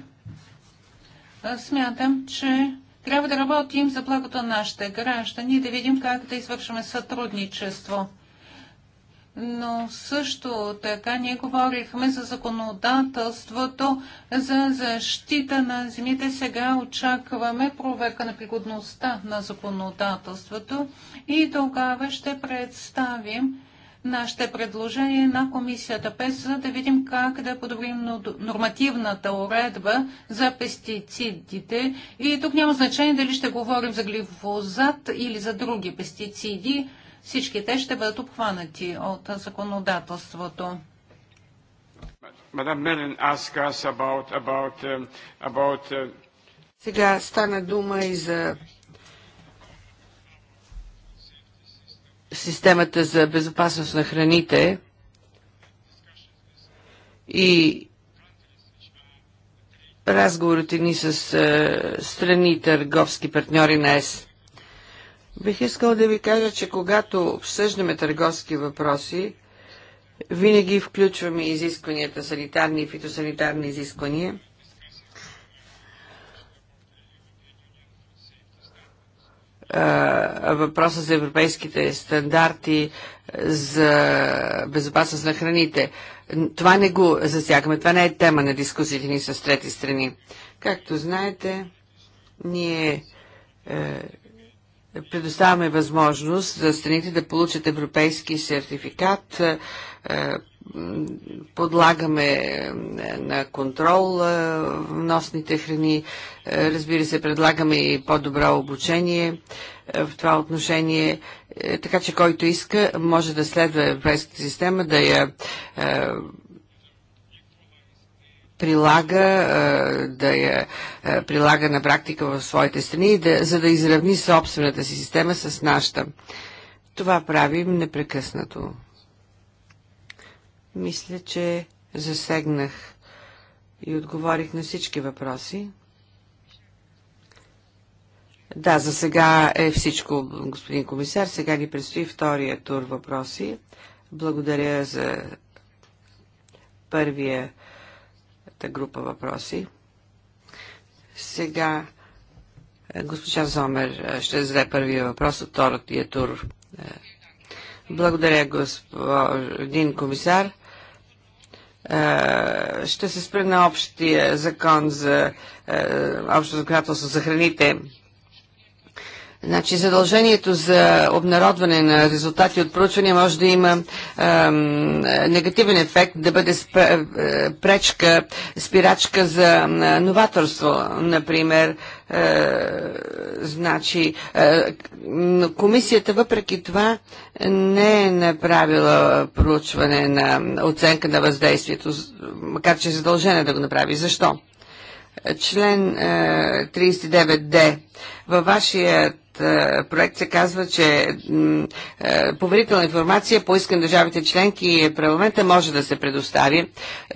смятам, че трябва да работим за благото на нашите граждани и да видим как да извършваме сътрудничество. Но също така ние говорихме за законодателството за защита на земите. Сега очакваме проверка на пригодността на законодателството и тогава ще представим нашите предложения на комисията ПЕС, за да видим как да подобрим нормативната уредба за пестицидите. И тук няма значение дали ще говорим за глифозат или за други пестициди. Всички те ще бъдат обхванати от законодателството. Сега стана дума и за системата за безопасност на храните и разговорите ни с е, страни търговски партньори на ЕС. Бих искал да ви кажа, че когато обсъждаме търговски въпроси, винаги включваме изискванията, санитарни и фитосанитарни изисквания. въпроса за европейските стандарти за безопасност на храните. Това не го засягаме, това не е тема на дискусиите ни с трети страни. Както знаете, ние е, предоставяме възможност за страните да получат европейски сертификат е, подлагаме на контрол вносните храни. Е, разбира се, предлагаме и по-добро обучение е, в това отношение, е, така че който иска, може да следва европейската система, да я прилага, да я прилага на практика в своите страни, за да изравни собствената си система с нашата. Това правим непрекъснато. Мисля, че засегнах и отговорих на всички въпроси. Да, за сега е всичко, господин комисар. Сега ни предстои втория тур въпроси. Благодаря за първията група въпроси. Сега е, госпожа Зомер е, ще зададе първия въпрос от втория тур. Е, Благодаря, господин комисар. Е, ще се спре на общия закон за е, общо законодателство за храните. Значи задължението за обнародване на резултати от проучвания може да има ем, негативен ефект, да бъде спр... Е, пречка, спирачка за новаторство, например. Е, значи, е, комисията въпреки това не е направила проучване на оценка на въздействието, макар че е задължена да го направи. Защо? Член е, 39D. Във вашия е, проект се казва, че е, поверителна информация по искане държавите членки и парламента може да се предостави.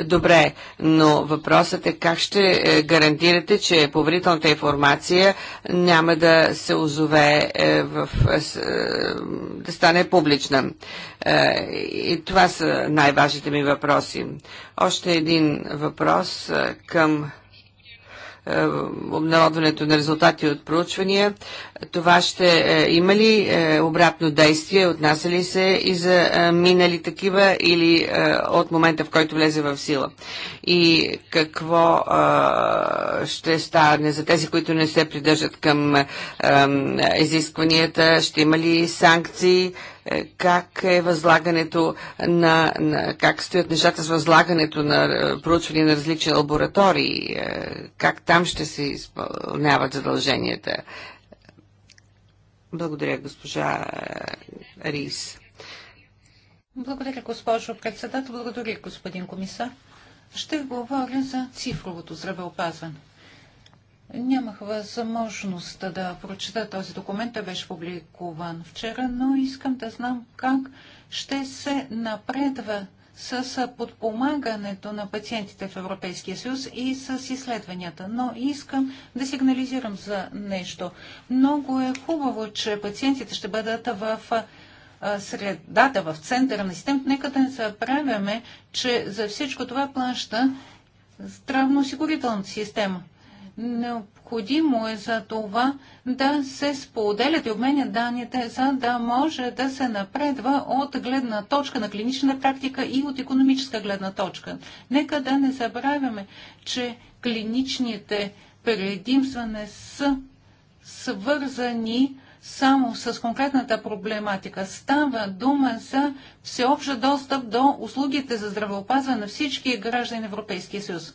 Добре, но въпросът е как ще е, гарантирате, че поверителната информация няма да се озове в, да стане публична. И това са най-важните ми въпроси. Още един въпрос към е, обнародването на резултати от проучвания. Това ще е, има ли е, обратно действие? Отнася ли се и за минали такива или от момента, в който влезе в сила? И какво ще стане за тези, които не се придържат към изискванията? Ще има ли санкции? Е, как е възлагането на, на как стоят нещата с възлагането на е, проучване на различни лаборатории, е, как там ще се изпълняват задълженията. Благодаря, госпожа Рис. Благодаря, госпожо председател. Благодаря, господин комисар. Ще говоря за цифровото здравеопазване. Нямах възможност да прочета този документ, той беше публикуван вчера, но искам да знам как ще се напредва с подпомагането на пациентите в Европейския съюз и с изследванията. Но искам да сигнализирам за нещо. Много е хубаво, че пациентите ще бъдат в средата, в центъра на системата. Нека да не забравяме, че за всичко това плаща здравноосигурителната система. Необходимо е за това да се споделят и обменят данните, за да може да се напредва от гледна точка на клинична практика и от економическа гледна точка. Нека да не забравяме, че клиничните предимства не са свързани само с конкретната проблематика. Става дума за всеобщ достъп до услугите за здравеопазване на всички граждани на Европейския съюз.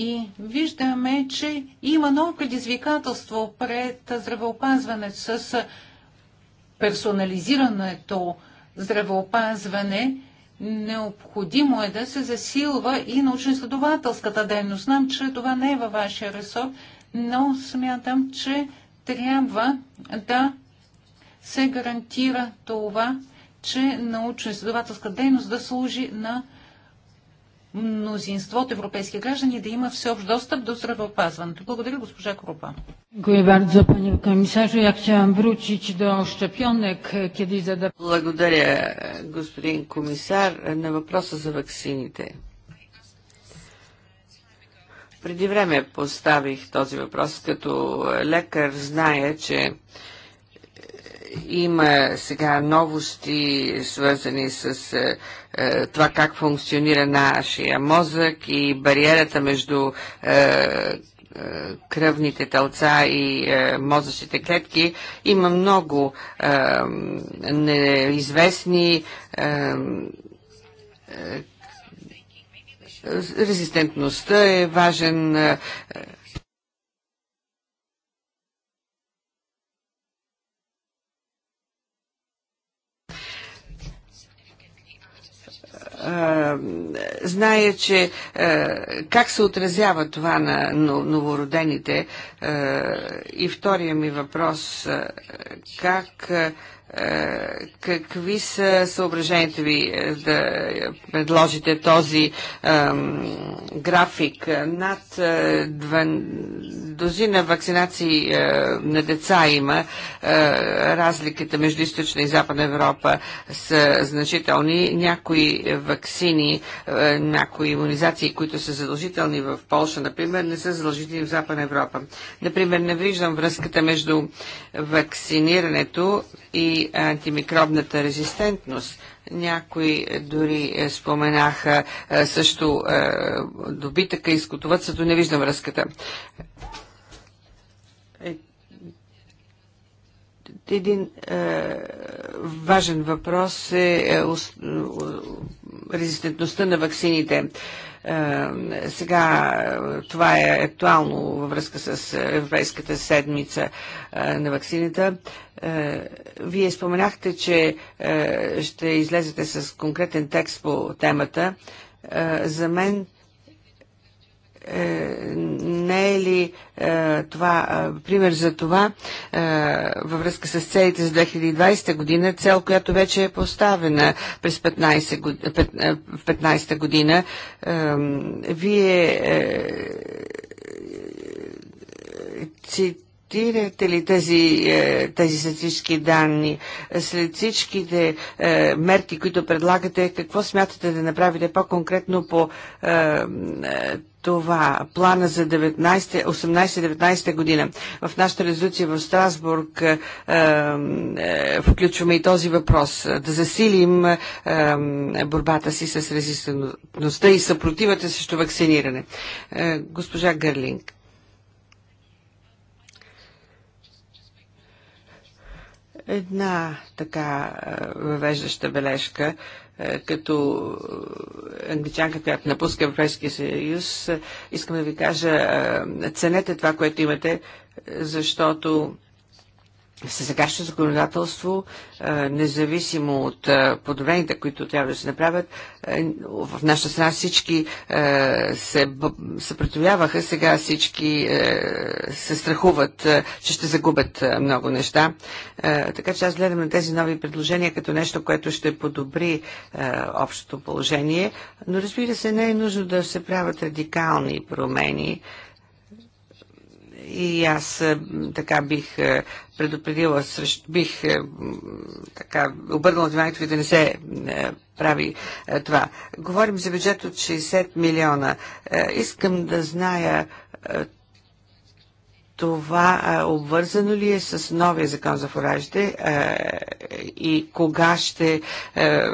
И виждаме, че има ново предизвикателство пред здравеопазване с персонализирането здравеопазване. Необходимо е да се засилва и научно-изследователската дейност. Знам, че това не е във вашия ресор, но смятам, че трябва да се гарантира това, че научно-изследователска дейност да служи на мнозинство от европейски граждани да има всеобщ достъп до здравеопазването. Благодаря, госпожа Крупа. Благодаря, господин комисар, на въпроса за вакцините. Преди време поставих този въпрос, като лекар знае, че има сега новости, свързани с е, е, това как функционира нашия мозък и бариерата между е, е кръвните тълца и е, мозъчните клетки, има много е, неизвестни е, е резистентността е важен зная, че как се отразява това на новородените. И втория ми въпрос, как е, какви са съображенията ви е, да предложите този ем, график? Над е, две, дозина вакцинации е, на деца има. Е, разликата между източна и западна Европа са значителни. Някои вакцини, е, някои иммунизации, които са задължителни в Польша, например, не са задължителни в Западна Европа. Например, не виждам връзката между вакцинирането и антимикробната резистентност. Някои дори е, споменаха е, също е, добитъка и скотовътството. Не виждам връзката. Един е, важен въпрос е, е, е резистентността на вакцините. Е, е, сега е, това е актуално във връзка с Европейската седмица е, на вакцината. Вие споменахте, че ще излезете с конкретен текст по темата. За мен е, не е ли е, това е, пример за това във връзка с целите за 2020 година, цел, която вече е поставена през 15 година, 15 година вие цитирате Коментирате ли тези, е, тези статистически данни? След всичките е, мерки, които предлагате, какво смятате да направите по-конкретно по, е, това, плана за 18-19 година. В нашата резолюция в Страсбург включваме и този въпрос. Да засилим борбата си с резистентността и съпротивата срещу вакциниране. Госпожа Гърлинг. Една така е, въвеждаща бележка, е, като англичанка, която напуска Европейския съюз, е, искам да ви кажа, ценете това, което имате, защото със сегашното законодателство, е, независимо от е, подобрените, които трябва да се направят, е, в нашата страна всички се съпротивляваха, сега всички се страхуват, че ще загубят много неща. Така че аз гледам на тези нови предложения като нещо, което ще подобри общото положение, но разбира се, не е нужно да се правят радикални промени и аз е, така бих е, предупредила, срещу бих е, така обърнала вниманието ви да не се прави това. Говорим за бюджет от 60 милиона. Искам да зная това а, обвързано ли е с новия закон за фуражите а, и кога ще а,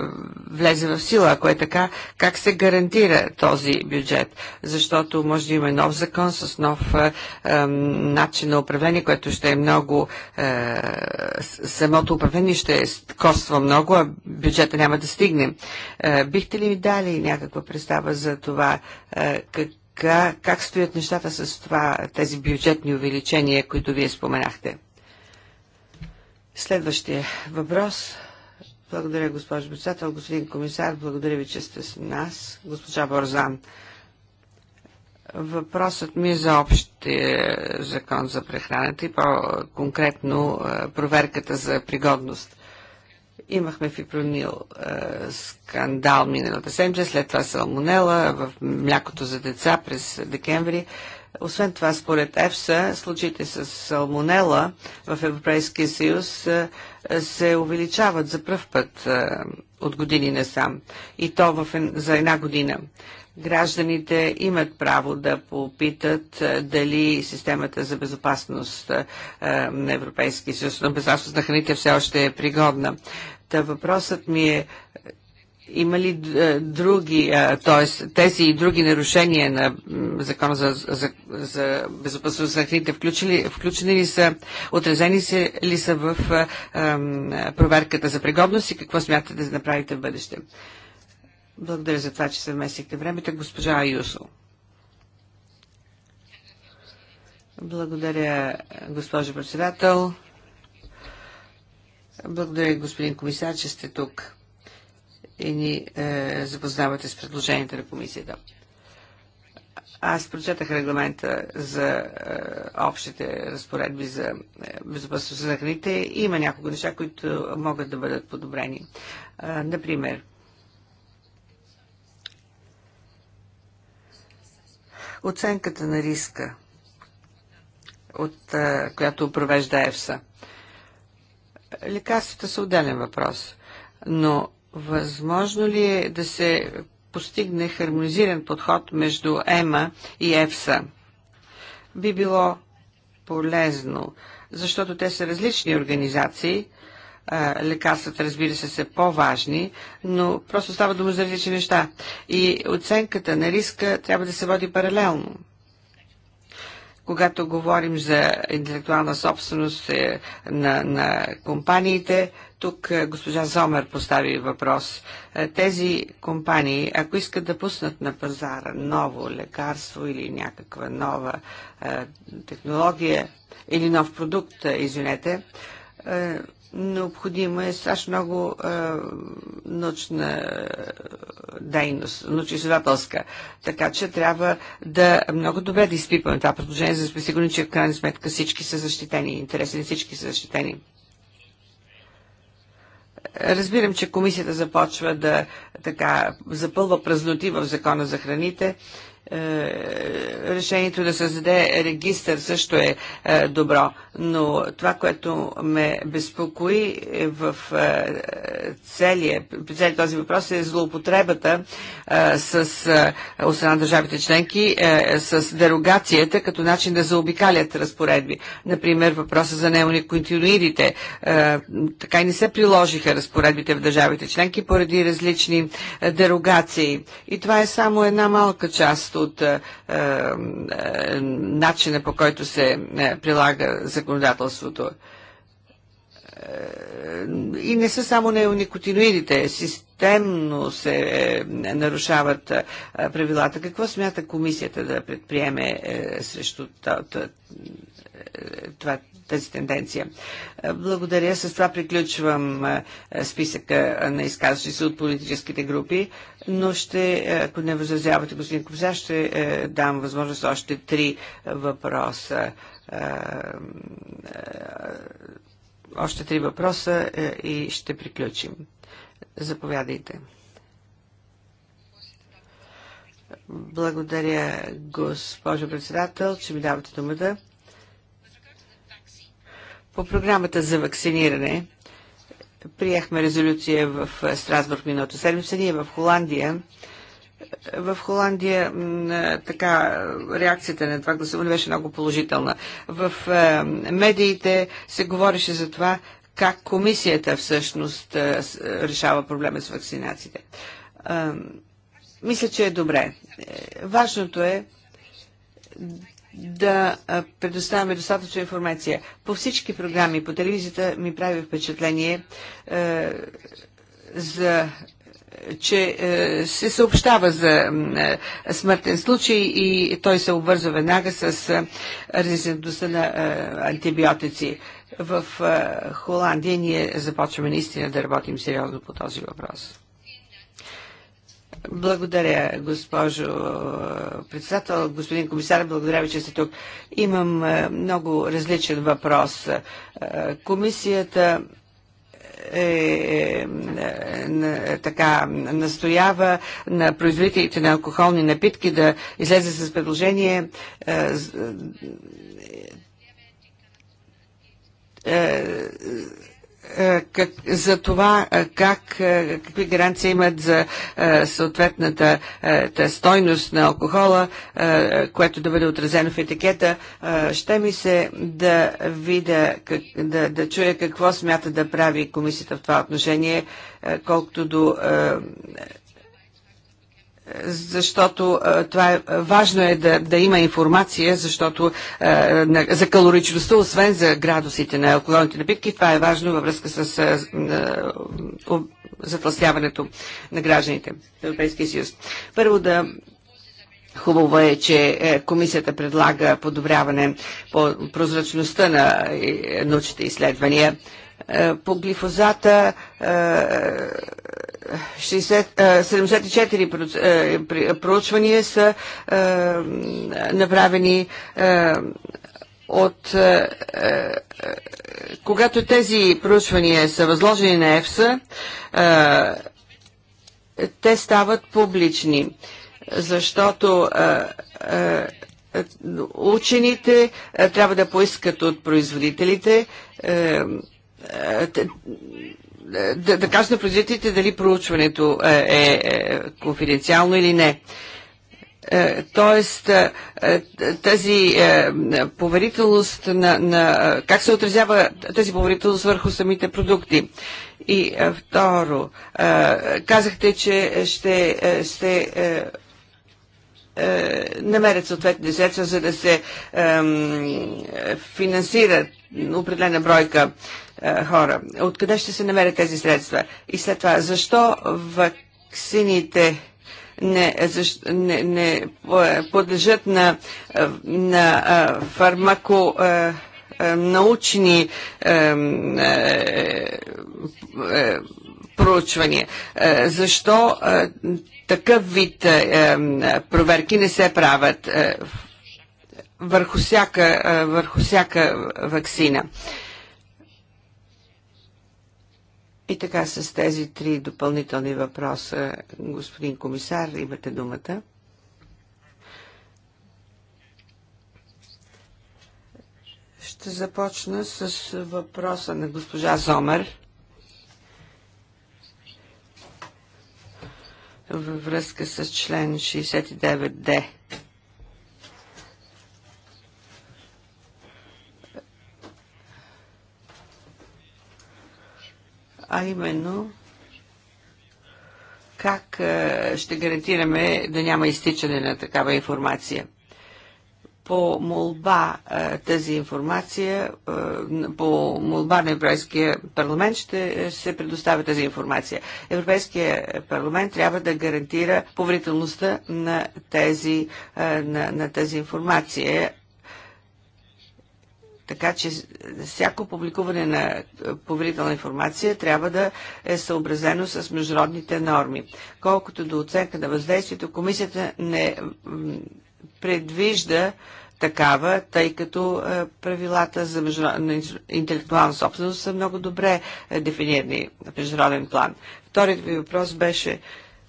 влезе в сила? Ако е така, как се гарантира този бюджет? Защото може да има нов закон с нов а, а, начин на управление, което ще е много... А, самото управление ще коства много, а бюджета няма да стигне. А, бихте ли ми дали някаква представа за това а, как как стоят нещата с това, тези бюджетни увеличения, които вие споменахте? Следващия въпрос. Благодаря, госпожо председател. Господин комисар, благодаря ви, че сте с нас. Госпожа Борзан, въпросът ми е за общия закон за прехраната и по-конкретно е, проверката за пригодност. Имахме фипронил е, скандал миналата седмица, след това салмонела в млякото за деца през декември. Освен това, според ЕФСА, случаите с салмонела в Европейския съюз е, се увеличават за пръв път е, от години насам. И то в, за една година. Гражданите имат право да попитат дали системата за безопасност на Европейския съюз, на безопасност на храните все още е пригодна. Та въпросът ми е има ли е, други, е, т.е. тези и други нарушения на Закона за, за, за безопасност на храните, включени, включени ли са, отразени се ли са в е, проверката за пригодност и какво смятате да направите в бъдеще? Благодаря за това, че се вместихте времето. Госпожа Аюсо. Благодаря, госпожо председател. Благодаря, господин комисар, че сте тук и ни е, запознавате с предложенията на комисията. Аз прочетах регламента за е, общите разпоредби за е, безопасността на храните. и Има няколко неща, които могат да бъдат подобрени. Е, например, оценката на риска, от, е, която провежда ЕФСА. Е, Лекарствата са отделен въпрос, но възможно ли е да се постигне хармонизиран подход между ЕМА и ЕФСА? Би било полезно, защото те са различни организации. Лекарствата, разбира се, са по-важни, но просто става дума за различни неща. И оценката на риска трябва да се води паралелно когато говорим за интелектуална собственост е, на, на компаниите, тук е, госпожа Зомер постави въпрос. Е, тези компании, ако искат да пуснат на пазара ново лекарство или някаква нова технология или нов продукт, извинете, Необходимо е страшно много а, научна дейност, научно-изследователска. Така че трябва да много добре да изпипаме това предложение, за да сме сигурни, че в крайна сметка всички са защитени, Интересни, всички са защитени. Разбирам, че комисията започва да така, запълва празноти в закона за храните е, решението да създаде регистър също е, е добро, но това, което ме безпокои е в целия, целият този въпрос е злоупотребата с страна държавите членки с дерогацията като начин да заобикалят разпоредби. Например, въпроса за неоникотиноидите. Така и не се приложиха разпоредбите в държавите членки поради различни дерогации. И това е само една малка част част от е, е, начина по който се е, прилага законодателството. Е, и не са само неоникотиноидите, системно се е, нарушават е, правилата. Какво смята комисията да предприеме срещу това тази тенденция. Е, благодаря. С това приключвам е, списъка е, на изказващи се от политическите групи, но ще, ако не възразявате, господин Кобза, ще дам възможност още три въпроса. Още три въпроса и ще приключим. Заповядайте. Благодаря, госпожо председател, че ми давате думата. По програмата за вакциниране приехме резолюция в е, Страсбург миналото седмица. Ние в Холандия в Холандия е, така реакцията на това гласуване беше много положителна. В е, медиите се говореше за това как комисията всъщност решава проблема с вакцинациите. мисля, че е добре. Важното е да предоставяме достатъчно информация. По всички програми по телевизията ми прави впечатление е, за че е, се съобщава за е, смъртен случай и той се обвързва веднага с е, резистентността на е, антибиотици. В е, Холандия ние започваме наистина да работим сериозно по този въпрос. Благодаря, госпожо председател. Господин комисар, благодаря ви, че сте тук. Имам много различен въпрос. Комисията е, е, така настоява на производителите на алкохолни напитки да излезе с предложение е, е, е е, как, за това е, как, е, какви гаранции имат за съответната стойност на алкохола, което да бъде отразено в етикета. Ще ми се да видя, да, да чуя какво смята да прави комисията в това отношение, колкото до защото това е, важно е да, да има информация, защото е, за калоричността, освен за градусите на алкохолните напитки, това е важно във връзка с а, е, затластяването на гражданите в Европейския съюз. Първо да Хубаво е, че е, комисията предлага подобряване по прозрачността на е, научните изследвания. Е, по глифозата 74 проучвания са направени от когато тези проучвания са възложени на ЕФСА, те стават публични, защото учените трябва да поискат от производителите да, да кажат на производителите дали проучването е, е, е конфиденциално или не. Е, тоест, е, е, тази поверителност на, на... Как се отразява тази поверителност върху самите продукти? И второ, казахте, че ще, ще намерят съответни средства, за да се финансират определена бройка е, хора. Откъде ще се намерят тези средства? И след това, защо ваксините не, не, не подлежат на, е, на е, фармако научни проучвания. Защо такъв вид проверки не се правят върху всяка, върху всяка вакцина? И така с тези три допълнителни въпроса, господин комисар, имате думата. Ще започна с въпроса на госпожа Зомер. във връзка с член 69D а именно как е, ще гарантираме да няма изтичане на такава информация. По молба е, тази информация, е, по молба на Европейския парламент ще се предоставя тази информация. Европейския парламент трябва да гарантира поверителността на тази, на, на тази информация така че всяко публикуване на е, поверителна информация трябва да е съобразено с международните норми. Колкото до оценка на въздействието, комисията не предвижда такава, тъй като е, правилата за интелектуална собственост са много добре е, дефинирани в международен план. Вторият ви въпрос беше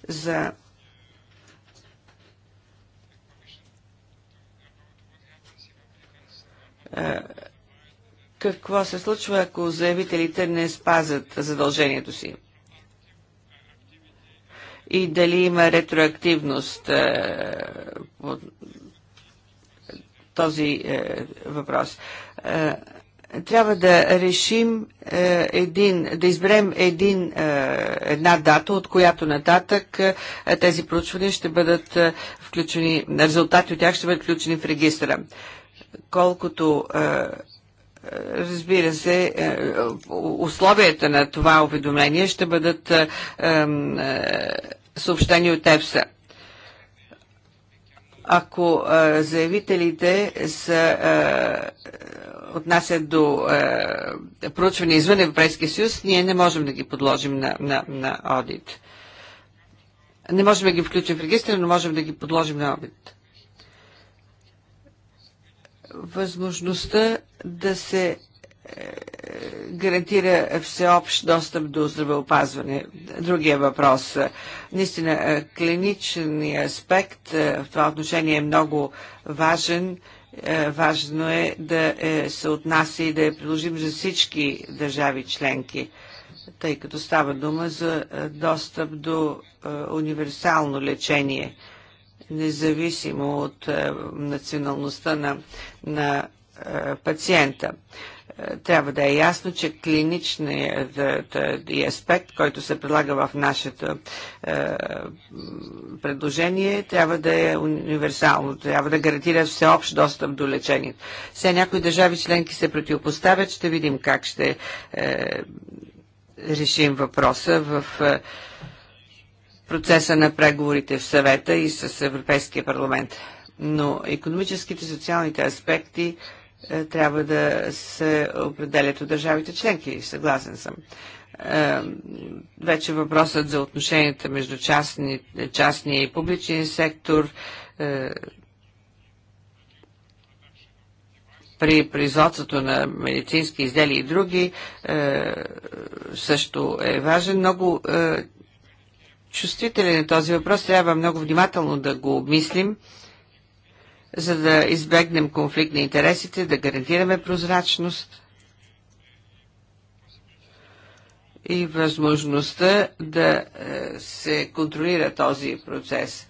за какво се случва, ако заявителите не спазят задължението си? И дали има ретроактивност е, по този е, въпрос? Е, трябва да решим е, един, да изберем един, е, една дата, от която нататък е, тези проучвания ще бъдат е, включени, резултати от тях ще бъдат включени в регистра. Колкото е, разбира се, е, условията на това уведомление ще бъдат е, е, съобщени от ЕПСА. Ако заявителите са отнасят до е, проучване извън Европейския съюз, ние не можем да ги подложим на, на, на одит. Не можем да ги включим в регистър, но можем да ги подложим на одит възможността да се е, гарантира всеобщ достъп до здравеопазване. Другия въпрос. Наистина, е, клиничният аспект е, в това отношение е много важен. Важно е да се отнася и да е приложим за всички държави членки, тъй като става дума за достъп до универсално лечение – независимо от е, националността на, на е, пациента е, трябва да е ясно, че клиничният аспект, който се предлага в нашето предложение, трябва да е универсално, трябва да гарантира всеобщ достъп до лечението. Сега някои държави членки се противопоставят, ще видим как ще решим въпроса в процеса на преговорите в съвета и с Европейския парламент. Но економическите и социалните аспекти е, трябва да се определят от държавите членки. Съгласен съм. Е, вече въпросът за отношенията между частни, частния и публичния сектор е, при производството на медицински изделия и други също е важен. Много чувствителен е този въпрос, трябва много внимателно да го обмислим, за да избегнем конфликт на интересите, да гарантираме прозрачност и възможността да е, се контролира този процес.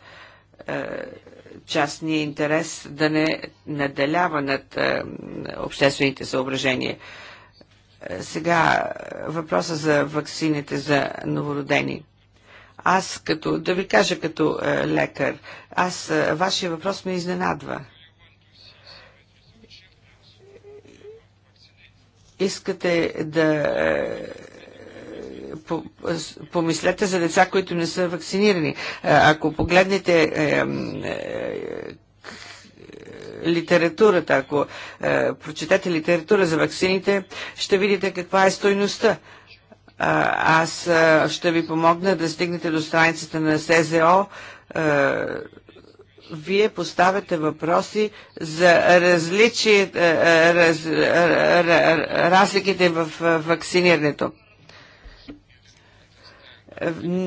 Е, Частния интерес да не наделява над е, обществените съображения. Сега въпроса за вакцините за новородени аз като, да ви кажа като е, лекар, аз, е, вашия въпрос ме изненадва. Искате да е, помислете за деца, които не са вакцинирани. Е, ако погледнете е, е, литературата, ако е, прочетете литература за ваксините, ще видите каква е стойността. Аз ще ви помогна да стигнете до страницата на СЗО. Вие поставяте въпроси за различие, раз, разликите в вакцинирането.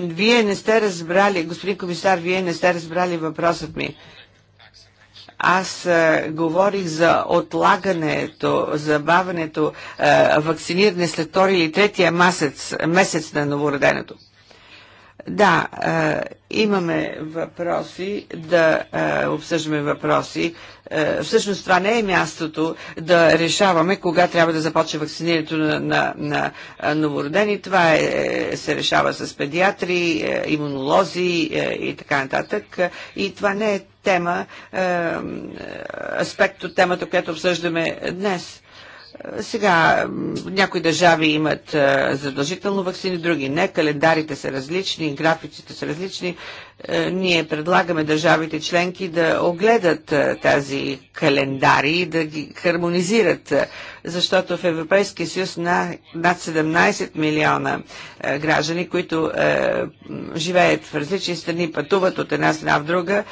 Вие не сте разбрали, господин комисар, вие не сте разбрали въпросът ми. Аз а, е, говорих за отлагането, забавянето, е, вакциниране след втори или третия месец, месец на новороденото. Да, а, е, имаме въпроси, да а, обсъждаме въпроси. Е, всъщност това не е мястото да решаваме кога трябва да започне вакцинирането на, на, на новородени. Това е, е, се решава с педиатри, е, имунолози и така нататък. И това не е тема, аспект от темата, която обсъждаме днес. Сега някои държави имат задължително вакцини, други не. Календарите са различни, графиците са различни. Е, ние предлагаме държавите членки да огледат е, тази календари и да ги хармонизират, е, защото в Европейския съюз на, над 17 милиона граждани, които живеят в различни страни, пътуват от една страна в друга,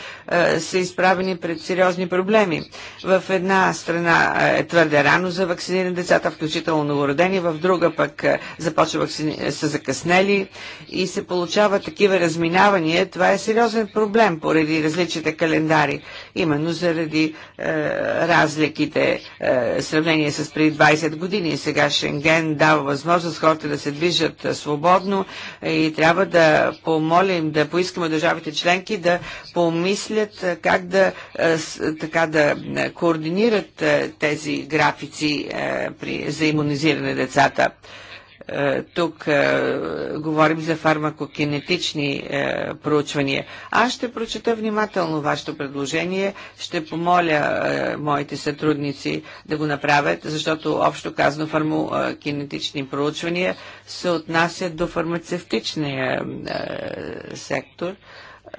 са изправени пред сериозни проблеми. В една страна е твърде рано за вакциниране децата, включително новородени, в друга пък започва вакцини... са закъснели и се получават такива разминавания. Това е е сериозен проблем поради различните календари, именно заради е, разликите е, сравнение с преди 20 години. Сега Шенген дава възможност хората да се движат е, свободно е, и трябва да помолим, да поискаме държавите членки да помислят е, как да, е, така да координират е, тези графици е, при, за иммунизиране децата. Е, тук е, говорим за фармакокинетични е, проучвания. Аз ще прочета внимателно вашето предложение, ще помоля е, моите сътрудници да го направят, защото общо казано фармакокинетични проучвания се отнасят до фармацевтичния е, е, сектор.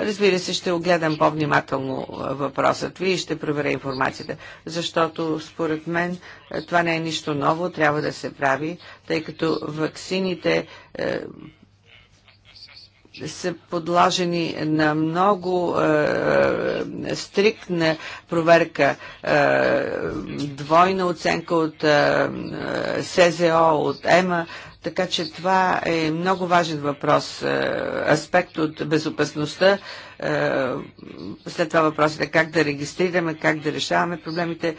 Разбира се, ще огледам по-внимателно въпросът ви и ще проверя информацията, защото според мен това не е нищо ново, трябва да се прави, тъй като ваксините е, са подложени на много е, е, стриктна проверка, е, двойна оценка от е, е СЗО, от ЕМА, така че това е много важен въпрос, е, аспект от безопасността. Е, след това въпросът е как да регистрираме, как да решаваме проблемите. Е,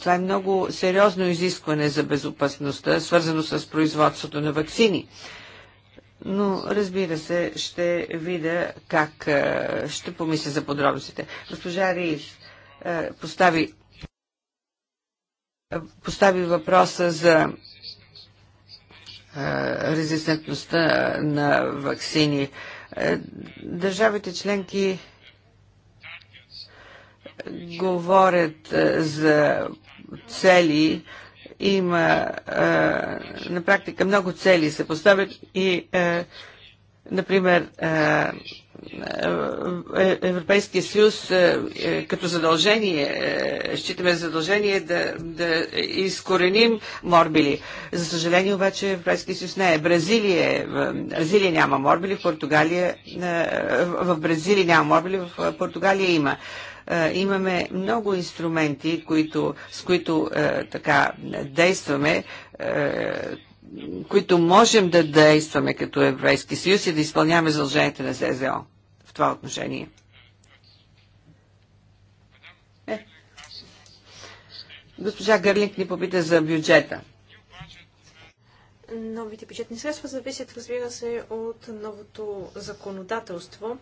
това е много сериозно изискване за безопасността, свързано с производството на вакцини. Но, разбира се, ще видя как ще помисля за подробностите. Госпожа Риев постави, постави въпроса за резистентността на вакцини. Е, държавите членки говорят е, за цели, има е, на практика много цели се поставят и например е, е, Европейския съюз е, като задължение, считаме за задължение да, да изкореним морбили. За съжаление обаче Европейския съюз не е. Бразилия, Бразилия няма морбили, в Португалия, в Бразилия няма морбили, в Португалия има имаме много инструменти, които, с които така действаме които можем да действаме като Европейски съюз и да изпълняваме задълженията на СЗО в това отношение. Е. Госпожа Гърлинг ни попита за бюджета. Новите бюджетни средства зависят, разбира се, от новото законодателство.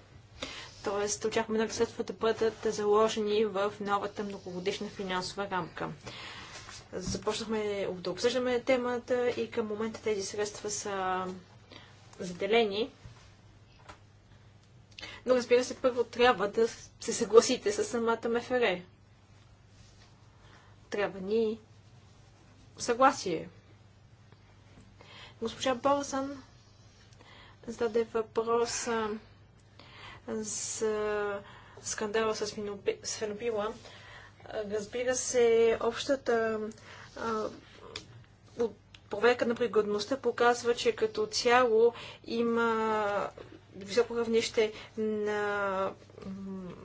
Тоест, очакваме на средства да бъдат заложени в новата многогодишна финансова рамка започнахме да обсъждаме темата и към момента тези средства са заделени. Но разбира се, първо трябва да се съгласите с самата МФР. Трябва ни съгласие. Госпожа Борсън зададе въпрос за скандала с фенопила. Разбира се, общата проверка на пригодността показва, че като цяло има високо равнище на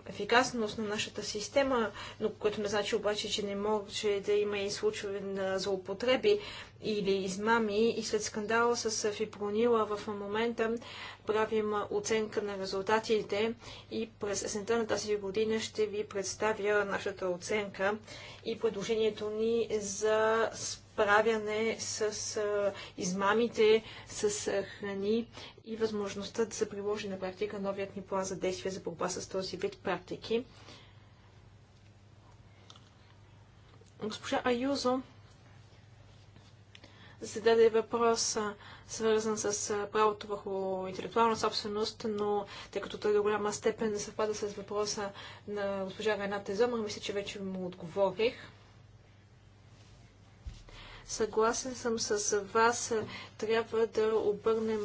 ефикасност на нашата система, но което не значи обаче, че не може да има и случаи на злоупотреби или измами. И след скандала с фипронила в момента правим оценка на резултатите и през есента на тази година ще ви представя нашата оценка и предложението ни за справяне с измамите с храни и възможността да се приложи на практика новият ни план за действие за борба с този вид практики. Госпожа Аюзо зададе въпрос, свързан с правото върху интелектуална собственост, но тъй като той до голяма степен съвпада с въпроса на госпожа Рената Зомър, мисля, че вече му отговорих. Съгласен съм с вас, трябва да обърнем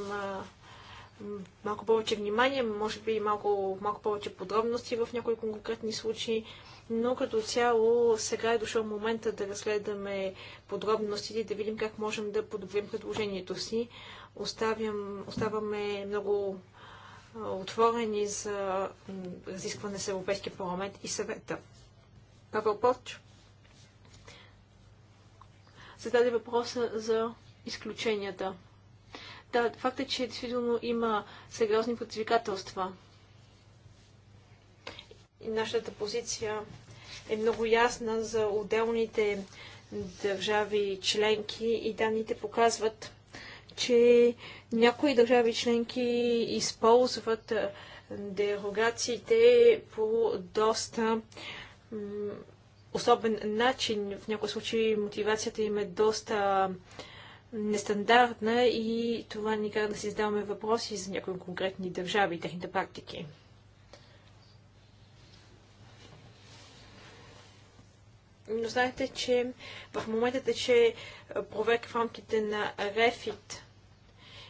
малко повече внимание, може би и малко, малко повече подробности в някои конкретни случаи, но като цяло сега е дошъл момента да разгледаме подробностите и да видим как можем да подобрим предложението си. Оставям, оставаме много отворени за разискване с Европейския парламент и съвета. Павел Поч зададе въпроса за изключенията. Да, факт е, че действително има сериозни подзвикателства. И нашата позиция е много ясна за отделните държави членки и данните показват, че някои държави членки използват дерогациите по доста особен начин. В някои случаи мотивацията им е доста нестандартна и това ни кара да си задаваме въпроси за някои конкретни държави и техните практики. Но знаете, че в момента тече проверка в рамките на Refit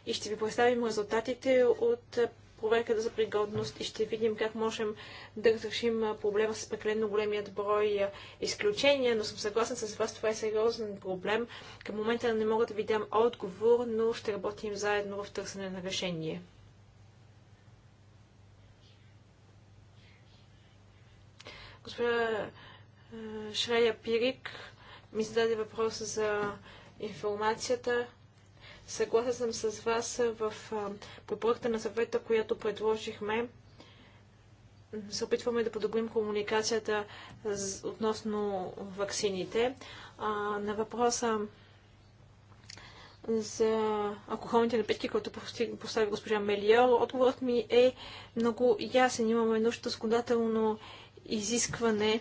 и ще ви представим резултатите от проверката за пригодност и ще видим как можем да разрешим проблема с прекалено големият брой изключения, но съм съгласен с вас, това е сериозен проблем. Към момента не мога да ви дам отговор, но ще работим заедно в търсене на решение. Госпожа Шрея Пирик ми зададе въпрос за информацията. Съгласен съм с вас в препоръката на съвета, която предложихме. Се опитваме да подобрим комуникацията относно ваксините. На въпроса за алкохолните напитки, който постави госпожа Мелиор, отговорът ми е много ясен. Имаме нужда законодателно изискване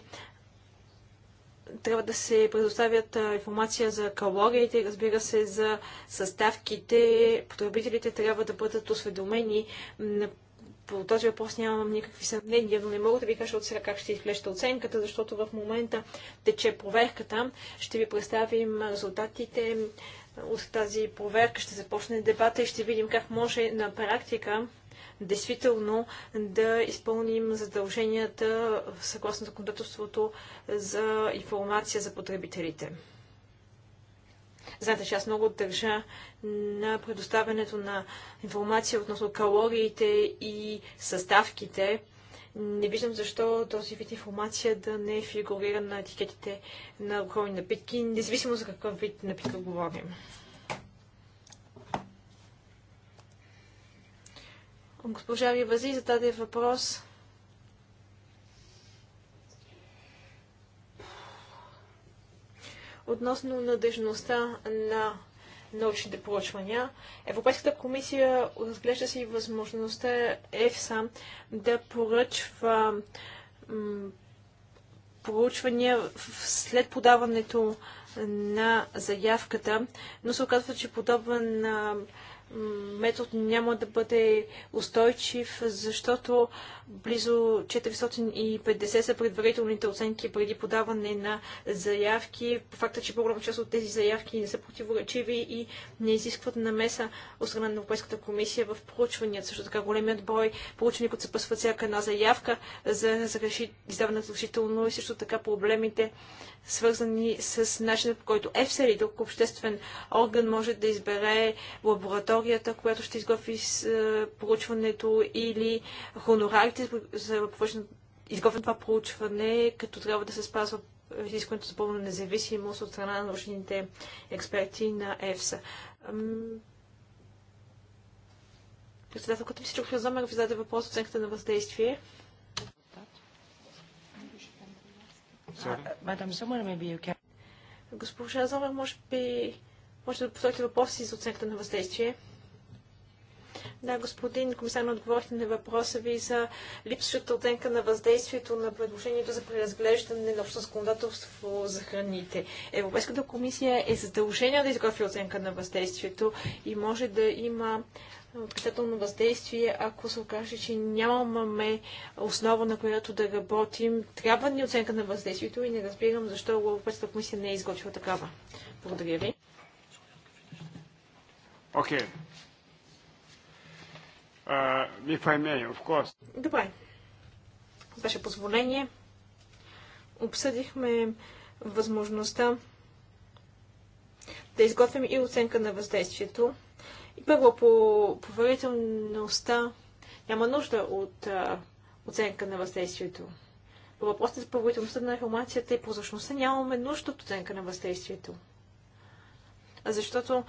трябва да се предоставят информация за калориите, разбира се, за съставките. Потребителите трябва да бъдат осведомени. По този въпрос нямам никакви съмнения, но не мога да ви кажа от сега как ще изглежда оценката, защото в момента тече проверката. Ще ви представим резултатите от тази проверка. Ще започне дебата и ще видим как може на практика действително да изпълним задълженията съгласно законодателството за информация за потребителите. Знаете, че аз много държа на предоставянето на информация относно калориите и съставките. Не виждам защо този вид информация да не фигурира на етикетите на алкохолни напитки, независимо за какъв вид напитка говорим. Госпожа Ривази зададе въпрос относно надежността на научните проучвания. Европейската комисия разглежда си възможността ЕФСА да поръчва проучвания след подаването на заявката, но се оказва, че подобен метод няма да бъде устойчив, защото близо 450 са предварителните оценки преди подаване на заявки. По факта, че по-голяма част от тези заявки не са противоречиви и не изискват намеса от страна на Европейската комисия в проучванията. Също така големият брой проучвания, които съпъсват всяка една заявка за издаване на разрешително и също така проблемите, свързани с начинът, по който ЕФСА или друг обществен орган може да избере лаборатория лабораторията, която ще изготви с е, проучването или хонорарите за изготвен това проучване, като трябва да се спазва изискването за пълна независимост от страна на научните експерти на ЕФСА. Председателката ми Сичок ви зададе въпрос оценката на въздействие. Uh, Госпожа Зомер, може би може да поставите въпроси за оценката на въздействие. Да, господин комисар, отговорихте на въпроса ви за липсващата оценка на въздействието на предложението за преразглеждане на общо законодателство за храните. Европейската комисия е задължена да изготви оценка на въздействието и може да има отрицателно въздействие, ако се окаже, че нямаме основа на която да работим. Трябва ни оценка на въздействието и не разбирам защо Европейската комисия не е изготвила такава. Благодаря ви. Okay. Uh, if I may, of course. Добре. Ваше позволение. Обсъдихме възможността да изготвим и оценка на въздействието. И първо по поверителността няма нужда от а, оценка на въздействието. По въпросите за поверителността на информацията и прозрачността нямаме нужда от оценка на въздействието защото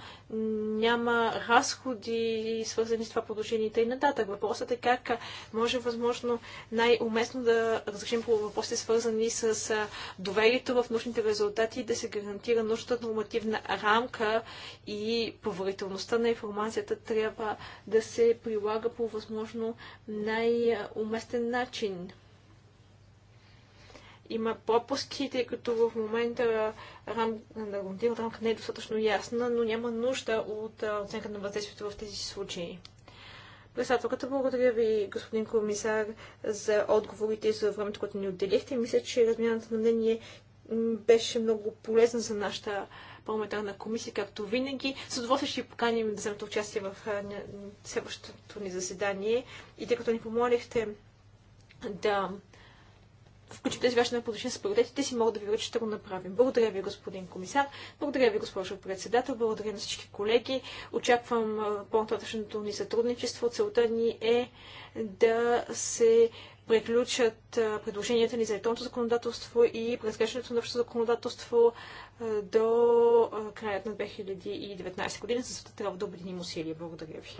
няма разходи, свързани с това положение и нататък. Въпросът е как може възможно най-уместно да разрешим по въпроси, свързани с доверието в нужните резултати и да се гарантира нужната нормативна рамка и поверителността на информацията трябва да се прилага по възможно най-уместен начин има пропуски, тъй като в момента рам, нормативната рамка не е достатъчно ясна, но няма нужда от оценка на въздействието в тези случаи. Председателката, благодаря ви, господин комисар, за отговорите и за времето, което ни отделихте. Мисля, че размяната на мнение беше много полезна за нашата парламентарна комисия, както винаги. С удоволствие ще ви поканим да вземете участие в следващото ни заседание. И тъй като ни помолихте да включим тези ваши неподушни с приоритетите си, могат да ви че да го направим. Благодаря ви, господин комисар. Благодаря ви, госпожо председател. Благодаря на всички колеги. Очаквам по-нататъчното ни сътрудничество. Целта ни е да се преключат предложенията ни за електронното законодателство и преразглеждането на общото законодателство до краят на 2019 година. За това трябва да обединим усилия. Благодаря ви.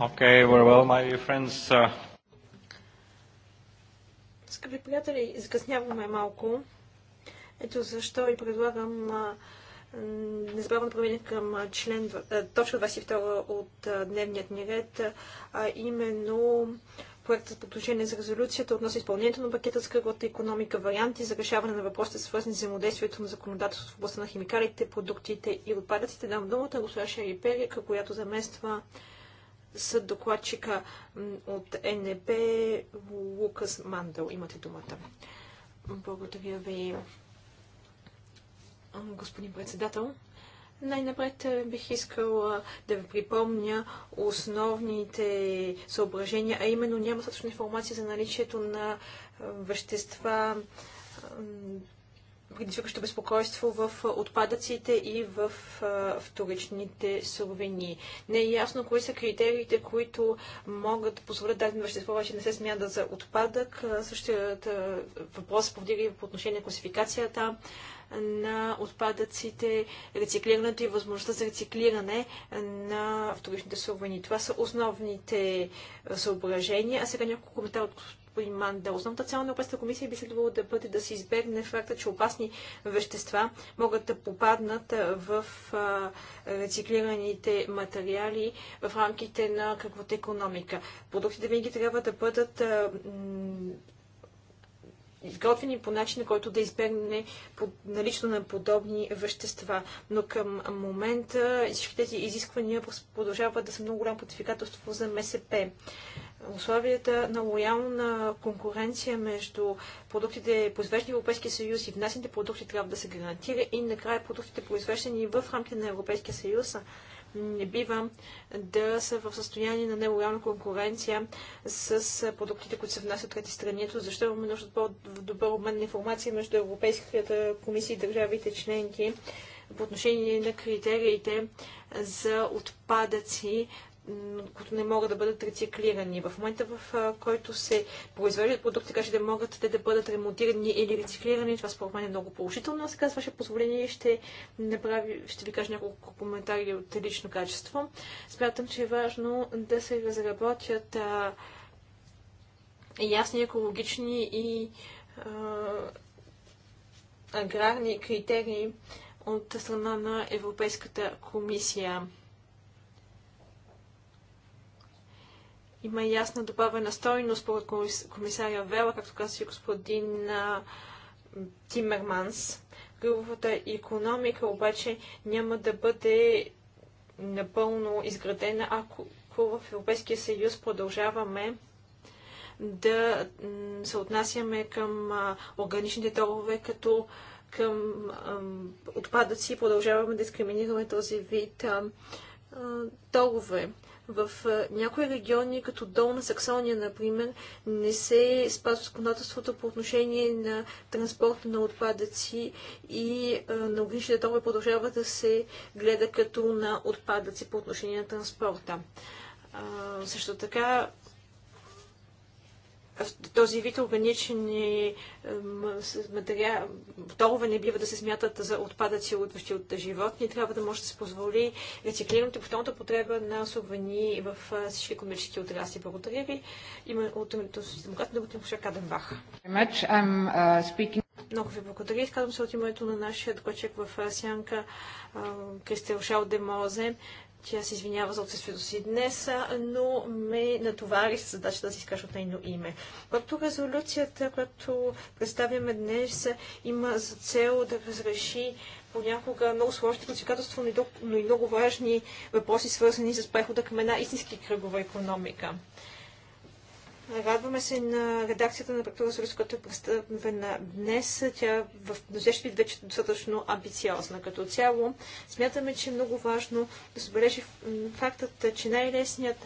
Okay, very well, my dear friends. Uh, Скъпи приятели, закъсняваме малко. Ето защо и предлагам незабавно преминем към член, точка 22 от дневният ни ред, а именно проектът за предложение за резолюцията относно изпълнението на пакета с кръглата економика, варианти за решаване на въпросите, свързани с взаимодействието на законодателството в областта на химикалите, продуктите и отпадъците. Дам думата на госпожа Шери Перик, която замества съд докладчика от НП Лукас Мандел. Имате думата. Благодаря ви, господин председател. Най-напред е, бих искал да ви припомня основните съображения, а именно няма достатъчно информация за наличието на вещества предизвикащо безпокойство в отпадъците и в вторичните суровини. Не е ясно кои са критериите, които могат да позволят дадено вещество, обаче не се смята за отпадък. Същият въпрос повдига и по отношение на класификацията на отпадъците, рециклирането и възможността за рециклиране на вторичните суровини. Това са основните съображения. А сега няколко коментар от господин Мандел. Основната цяло на Европейската комисия би следвало да бъде да се избегне факта, че опасни вещества могат да попаднат в рециклираните материали в рамките на каквото економика. Продуктите винаги трябва да бъдат изготвени по начин, който да избегне налично на подобни вещества. Но към момента всички тези изисквания продължават да са много голямо подификателство за МСП условията на лоялна конкуренция между продуктите, произвеждани в Европейския съюз и внесените продукти трябва да се гарантира и накрая продуктите, произвеждани в рамките на Европейския съюз, не бива да са в състояние на нелоялна конкуренция с продуктите, които се внасят от трети страни. Ето защо имаме нужда от по-добър обмен на информация между Европейската комисия и държавите членки по отношение на критериите за отпадъци които не могат да бъдат рециклирани. В момента, в който се произвеждат продукти, така че да могат те да бъдат ремонтирани или рециклирани, това според мен е много положително. А сега, с ваше позволение, ще, направи, ще ви кажа няколко коментари от лично качество. Смятам, че е важно да се разработят а, ясни екологични и а, аграрни критерии от страна на Европейската комисия. Има ясна добавена стойност според комисаря Вела, както каза и господин Тимерманс. Кръговата економика обаче няма да бъде напълно изградена, ако в Европейския съюз продължаваме да се отнасяме към органичните торове като към отпадъци и продължаваме да дискриминираме този вид торове в някои региони, като Долна Саксония, например, не се спазва законодателството по отношение на транспорта на отпадъци и на огнищите торове продължава да се гледа като на отпадъци по отношение на транспорта. също така този вид органични материали, торове не бива да се смятат за отпадъци от от животни. Трябва да може да се позволи рециклирането и повторната потреба на сувени в всички комерчески отрасли. Благодаря ви. Има от името с демократно думата Муша Каденбах. Много ви благодаря. Изказвам се от името на нашия докладчик в Сянка Кристел Шал де Мозе. Тя се извинява за отсъствието си днес, но ме натовари с задачата да си изкажа от нейно име. Когато резолюцията, която представяме днес, има за цел да разреши понякога много сложни предизвикателства, но и много важни въпроси, свързани с прехода към една истински кръгова економика. Радваме се на редакцията на Прокуратурата, която е представена днес. Тя в днешния вид вече е достатъчно амбициозна. Като цяло смятаме, че е много важно да се бележи фактът, че най-лесният,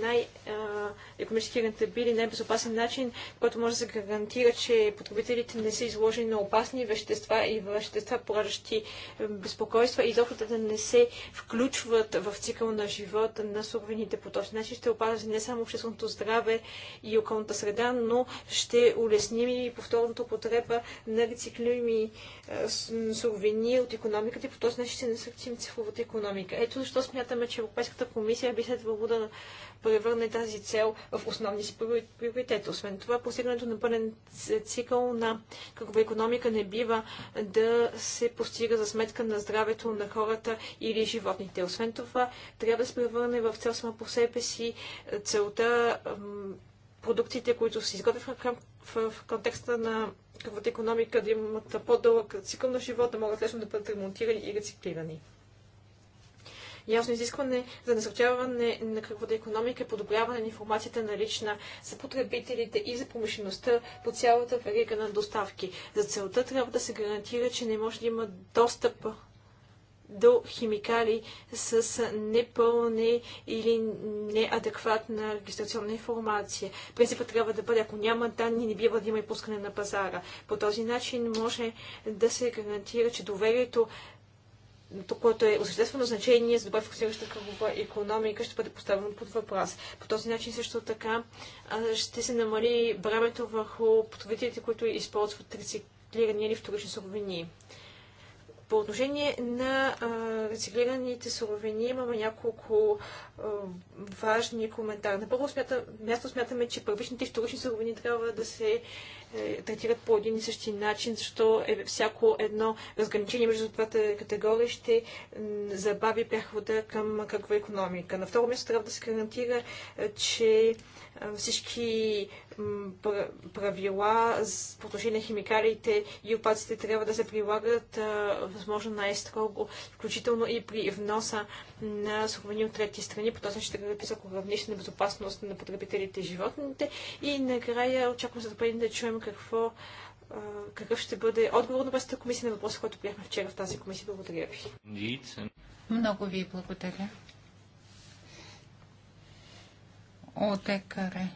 най-економически рентабилен, най-безопасен начин, който може да се гарантира, че потребителите не са изложени на опасни вещества и вещества, пораждащи безпокойства и доходът да не се включват в цикъл на живота на суровините по този начин ще опази не само общественото здраве, и околната среда, но ще улесним и повторната потреба на рециклими е, суровини от економиката и по този начин ще насърчим цифровата економика. Ето защо смятаме, че Европейската комисия би следвало да превърне тази цел в основни си приоритети. Освен това, постигането на пълен цикъл на кръгова економика не бива да се постига за сметка на здравето на хората или животните. Освен това, трябва да се превърне в цел само по себе си е, целта продуктите, които се изготвят в, в контекста на кръвната економика, да имат по-дълъг цикъл на живота, могат лесно да бъдат ремонтирани и рециклирани. Ясно изискване за насърчаване на кръвната економика и е подобряване на информацията налична за потребителите и за промишлеността по цялата верига на доставки. За целта трябва да се гарантира, че не може да има достъп до химикали с непълни или неадекватна регистрационна информация. Принципът трябва да бъде, ако няма данни, не бива да има и пускане на пазара. По този начин може да се гарантира, че доверието което е осъществено значение за добре фокусираща кръгова економика, ще бъде поставено под въпрос. По този начин също така ще се намали бремето върху потребителите, които използват рециклирани или вторични суровини. По отношение на а, рециклираните суровини имаме няколко а, важни коментари. На първо смята, място смятаме, че първичните и вторични суровини трябва да се е, третират по един и същи начин, защото е, всяко едно разграничение между двата категории ще забави прехода към каква економика. На второ място трябва да се гарантира, е, че е, всички правила по отношение на химикалите и опаците трябва да се прилагат възможно най-строго, включително и при вноса на суровини от трети страни. По този начин ще гарантира високо равнище на безопасност на потребителите и животните. И накрая очаквам се да да чуем какво, какъв ще бъде отговор на вашата комисия на въпроса, който приехме вчера в тази комисия. Благодаря ви. Много ви благодаря. От екаре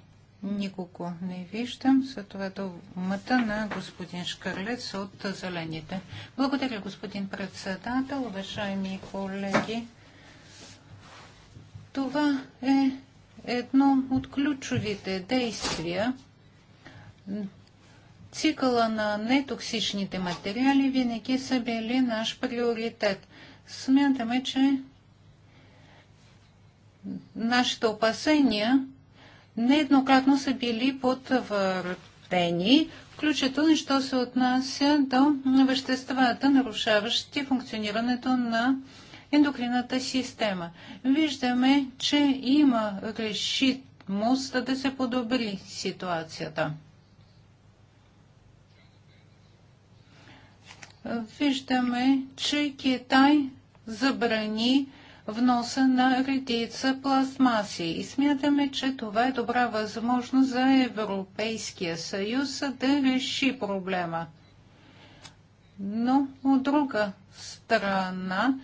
никого не виждам. За това думата на господин Шкарлец от Зелените. Благодаря, господин председател, уважаеми колеги. Това е едно от ключовите действия Цикъла на нетоксичните материали винаги са били наш приоритет. Смятаме, че нашите опасения нееднократно са били потвърдени, включително що се отнася до веществата, нарушаващи функционирането на ендокрината система. Виждаме, че има решитмост да се подобри ситуацията. виждаме, че Китай забрани вноса на редица пластмаси. И смятаме, че това е добра възможност за Европейския съюз да реши проблема. Но от друга страна,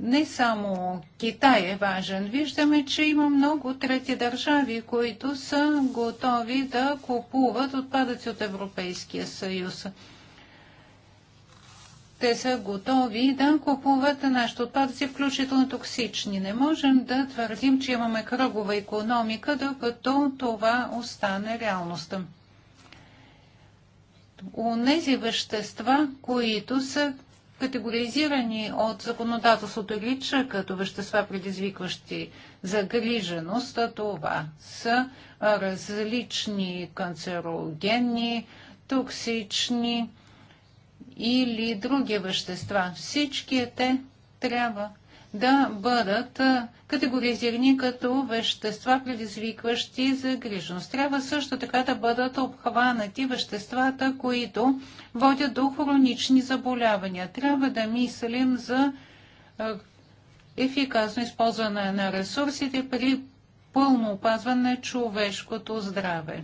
не само Китай е важен. Виждаме, че има много трети държави, които са готови да купуват отпадъци от Европейския съюз те са готови да купуват нашите отпадъци, включително токсични. Не можем да твърдим, че имаме кръгова економика, докато това остане реалността. нези вещества, които са категоризирани от законодателството лича като вещества, предизвикващи загриженост, това са различни канцерогенни, токсични, или други вещества. Всички те трябва да бъдат категоризирани като вещества, предизвикващи загриженост. Трябва също така да бъдат обхванати веществата, които водят до хронични заболявания. Трябва да мислим за ефикасно използване на ресурсите при пълно опазване на човешкото здраве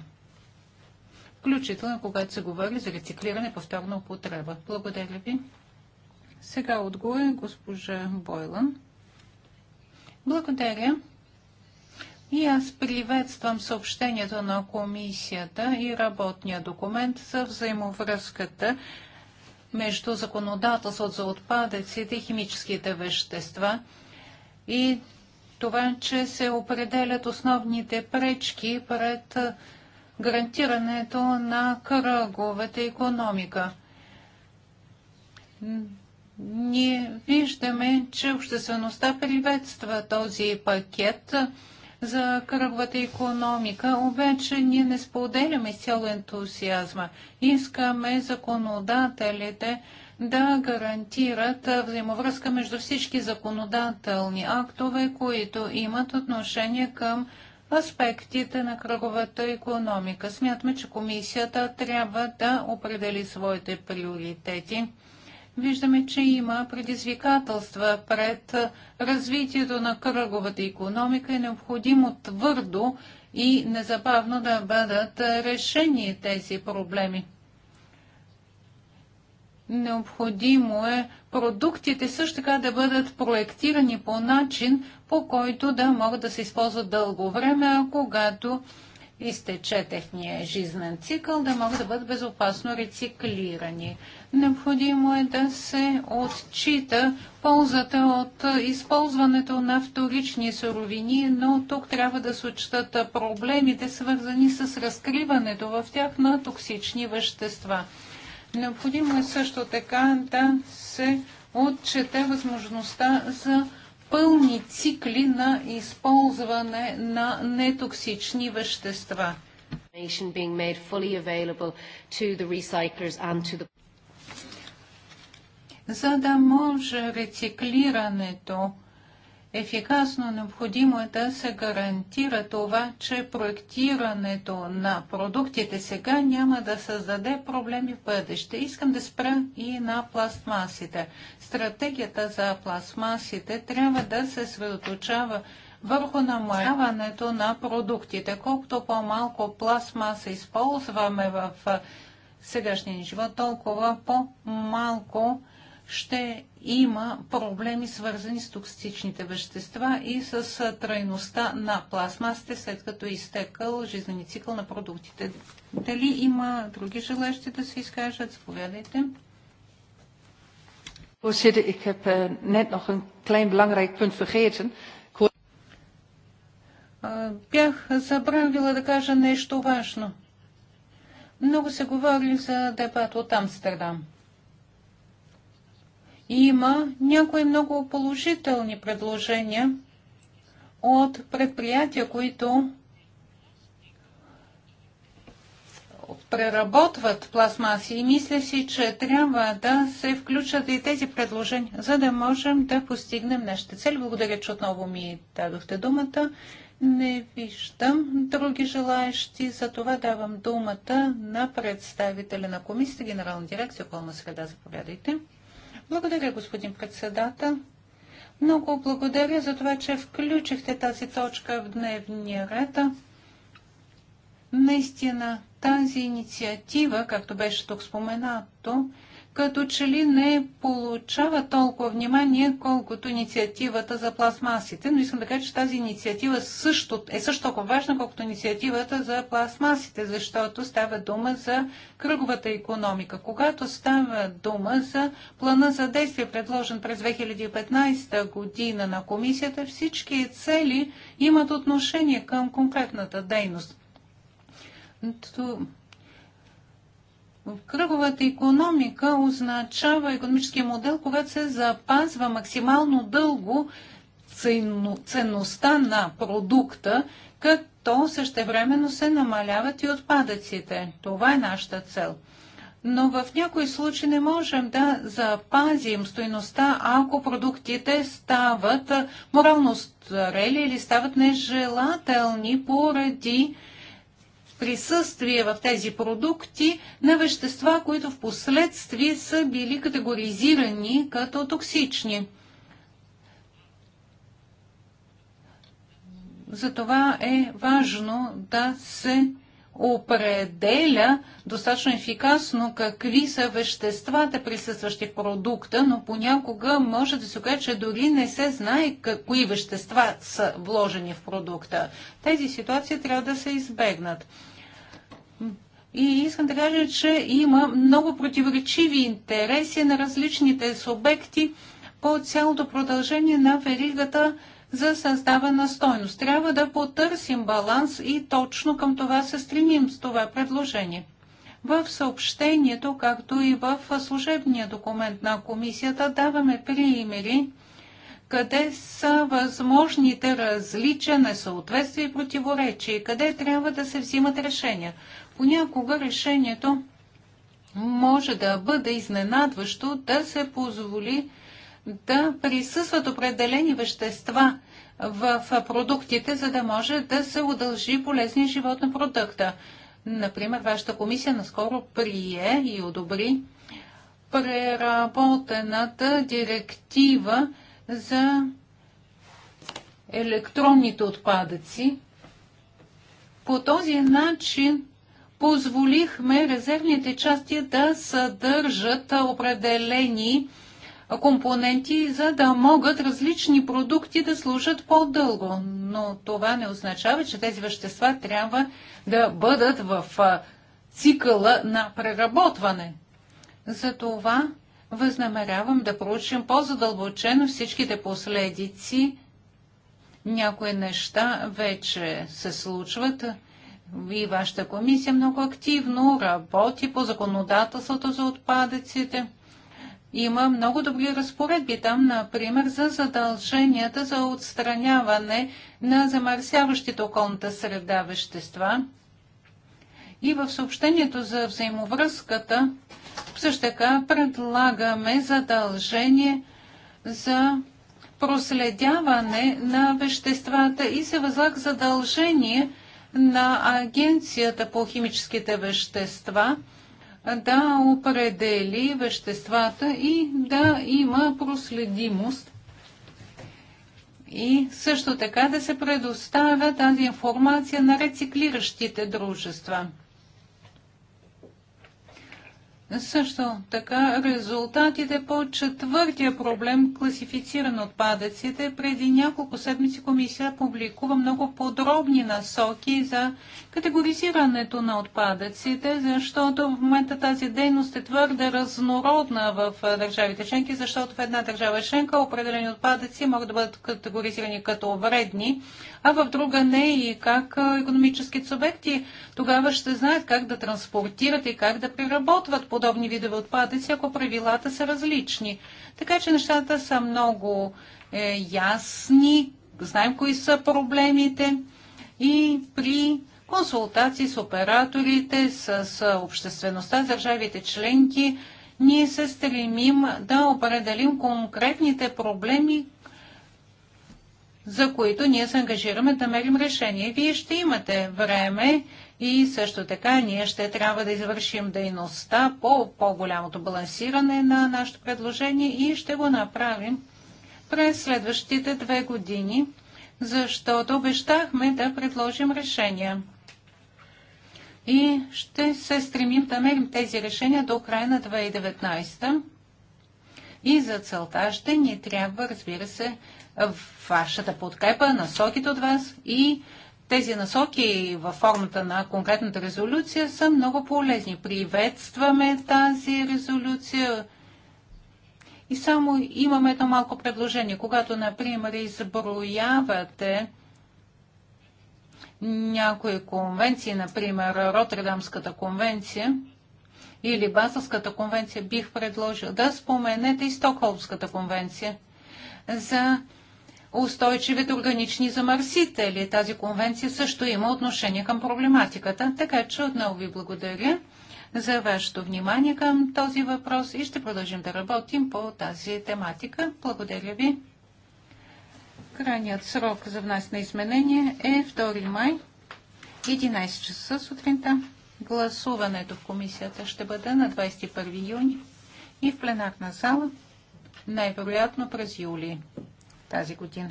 включително когато се говори за рециклиране и повторна употреба. Благодаря ви. Сега отговоря, е госпожа Бойлан. Благодаря. И аз приветствам съобщението на комисията и работния документ за взаимовръзката между законодателството за отпадъците и химическите вещества и това, че се определят основните пречки пред гарантирането на кръговата економика. Ние виждаме, че обществеността приветства този пакет за кръговата економика, обаче ние не споделяме цяло ентусиазма. Искаме законодателите да гарантират взаимовръзка между всички законодателни актове, които имат отношение към аспектите на кръговата економика. Смятаме, че комисията трябва да определи своите приоритети. Виждаме, че има предизвикателства пред развитието на кръговата економика и е необходимо твърдо и незабавно да бъдат решени тези проблеми. Необходимо е продуктите също така да бъдат проектирани по начин, по който да могат да се използват дълго време, когато изтече техния жизнен цикъл, да могат да бъдат безопасно рециклирани. Необходимо е да се отчита ползата от използването на вторични суровини, но тук трябва да се отчитат проблемите, свързани с разкриването в тях на токсични вещества. Необходимо е също така да се отчете възможността за пълни цикли на използване на нетоксични вещества. За да може рециклирането ефикасно, необходимо е да се гарантира това, че проектирането на продуктите сега няма да създаде проблеми в бъдеще. Искам да спра и на пластмасите. Стратегията за пластмасите трябва да се средоточава върху намаляването на продуктите. Колкото по-малко пластмаса използваме в сегашния живот, толкова по-малко ще има проблеми свързани с токсичните вещества и с трайността на пластмасите, след като е изтекал жизнени цикъл на продуктите. Дали има други желащи да се изкажат? Заповядайте. Voorzitter, ik heb uh, net nog een klein belangrijk punt vergeten. Бях забравила да кажа нещо важно. Много се говори за дебат от Амстердам. Има някои много положителни предложения от предприятия, които преработват пластмаси и мисля си, че трябва да се включат и тези предложения, за да можем да постигнем нашите цели. Благодаря, че отново ми дадохте думата. Не виждам други желаящи, за това давам думата на представителя на комисията, генерална дирекция околна среда. Заповядайте. Благодаря, господин председател. Много благодаря за това, че включихте тази точка в дневния ред. Наистина, тази инициатива, както беше тук споменато, като че ли не получава толкова внимание, колкото инициативата за пластмасите. Но искам да кажа, че тази инициатива също, е също толкова важна, колкото инициативата за пластмасите, защото става дума за кръговата економика. Когато става дума за плана за действие, предложен през 2015 година на комисията, всички цели имат отношение към конкретната дейност Кръговата економика означава економическия модел, когато се запазва максимално дълго ценността на продукта, като същевременно се намаляват и отпадъците. Това е нашата цел. Но в някои случаи не можем да запазим стоеността, ако продуктите стават морално старели или стават нежелателни поради присъствие в тези продукти на вещества, които в последствие са били категоризирани като токсични. Затова е важно да се определя достатъчно ефикасно какви са веществата, присъстващи в продукта, но понякога може да се окаже, че дори не се знае кои вещества са вложени в продукта. Тези ситуации трябва да се избегнат. И искам да кажа, че има много противоречиви интереси на различните субекти по цялото продължение на веригата за създавана стойност. Трябва да потърсим баланс и точно към това се стремим с това предложение. В съобщението, както и в служебния документ на комисията, даваме примери, къде са възможните различия, несъответствия и противоречия, къде трябва да се взимат решения понякога решението може да бъде изненадващо да се позволи да присъстват определени вещества в продуктите, за да може да се удължи полезния живот на продукта. Например, вашата комисия наскоро прие и одобри преработената директива за електронните отпадъци. По този начин позволихме резервните части да съдържат определени компоненти, за да могат различни продукти да служат по-дълго. Но това не означава, че тези вещества трябва да бъдат в цикъла на преработване. Затова възнамерявам да проучим по-задълбочено всичките последици. Някои неща вече се случват и вашата комисия много активно работи по законодателството за отпадъците. Има много добри разпоредби там, например, за задълженията за отстраняване на замърсяващите околната среда вещества. И в съобщението за взаимовръзката също така предлагаме задължение за проследяване на веществата и се възлага задължение – на Агенцията по химическите вещества да определи веществата и да има проследимост и също така да се предоставя тази информация на рециклиращите дружества. Също така резултатите по четвъртия проблем, класифициран отпадъците, преди няколко седмици комисия публикува много подробни насоки за категоризирането на отпадъците, защото в момента тази дейност е твърде разнородна в държавите членки, защото в една държава членка определени отпадъци могат да бъдат категоризирани като вредни, а в друга не и как економически субекти тогава ще знаят как да транспортират и как да преработват подобни подобни видове отпадъци, ако правилата са различни. Така че нещата са много е, ясни, знаем кои са проблемите и при консултации с операторите, с, с обществеността, с държавите членки, ние се стремим да определим конкретните проблеми, за които ние се ангажираме да мерим решение. Вие ще имате време и също така ние ще трябва да извършим дейността по по-голямото балансиране на нашето предложение и ще го направим през следващите две години, защото обещахме да предложим решения. И ще се стремим да мерим тези решения до края на 2019. И за целта ще ни трябва, разбира се, вашата подкрепа, насоките от вас и тези насоки във формата на конкретната резолюция са много полезни. Приветстваме тази резолюция. И само имаме едно малко предложение. Когато, например, изброявате някои конвенции, например Роттердамската конвенция или Базовската конвенция, бих предложил да споменете и Стокхолмската конвенция за устойчивите органични замърсители. Тази конвенция също има отношение към проблематиката, така че отново ви благодаря за вашето внимание към този въпрос и ще продължим да работим по тази тематика. Благодаря ви. Крайният срок за внас на изменение е 2 май, 11 часа сутринта. Гласуването в комисията ще бъде на 21 юни и в пленарна зала най-вероятно през юли тази година.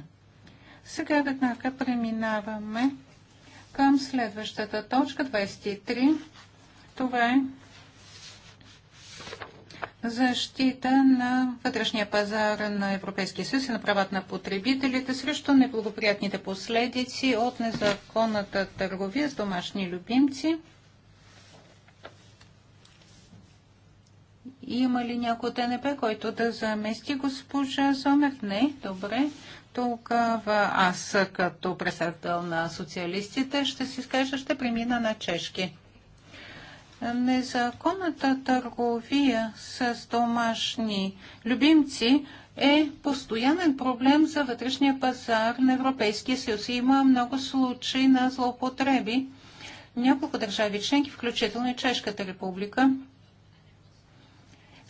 Сега веднага преминаваме към следващата точка 23. Това е защита на вътрешния пазар на Европейския съюз и на правата на потребителите срещу неблагоприятните последици от незаконната търговия с домашни любимци. Има ли някой от НП, който да замести госпожа Сомер? Не, добре. Тогава аз като председател на социалистите ще си скажа, ще премина на чешки. Незаконната търговия с домашни любимци е постоянен проблем за вътрешния пазар на Европейския съюз. Има много случаи на злоупотреби. Няколко държави членки, включително и Чешката република,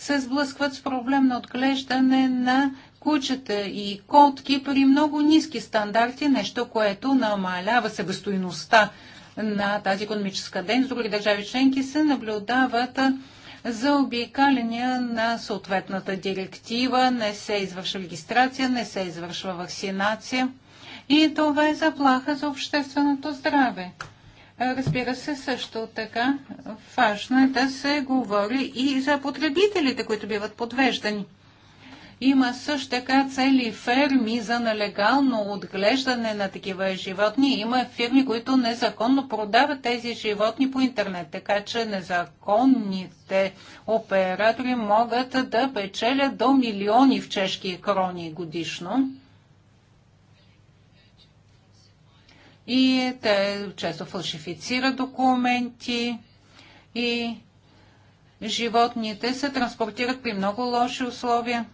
се сблъскват с проблем на отглеждане на кучета и котки при много ниски стандарти, нещо, което намалява себестоиността на тази економическа дейност. Други държави членки се наблюдават за обикаляния на съответната директива, не се извършва регистрация, не се извършва вакцинация и това е заплаха за общественото здраве. Е, разбира се, също така важно е да се говори и за потребителите, които биват подвеждани. Има също така цели ферми за нелегално отглеждане на такива животни. Има фирми, които незаконно продават тези животни по интернет, така че незаконните оператори могат да печелят до милиони в чешки крони годишно. и те често фалшифицират документи и животните се транспортират при много лоши условия.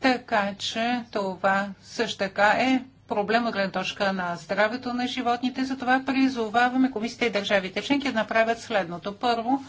Така че това също така е проблем от гледна точка на здравето на животните. Затова призоваваме комисията и държавите членки да направят следното. Първо,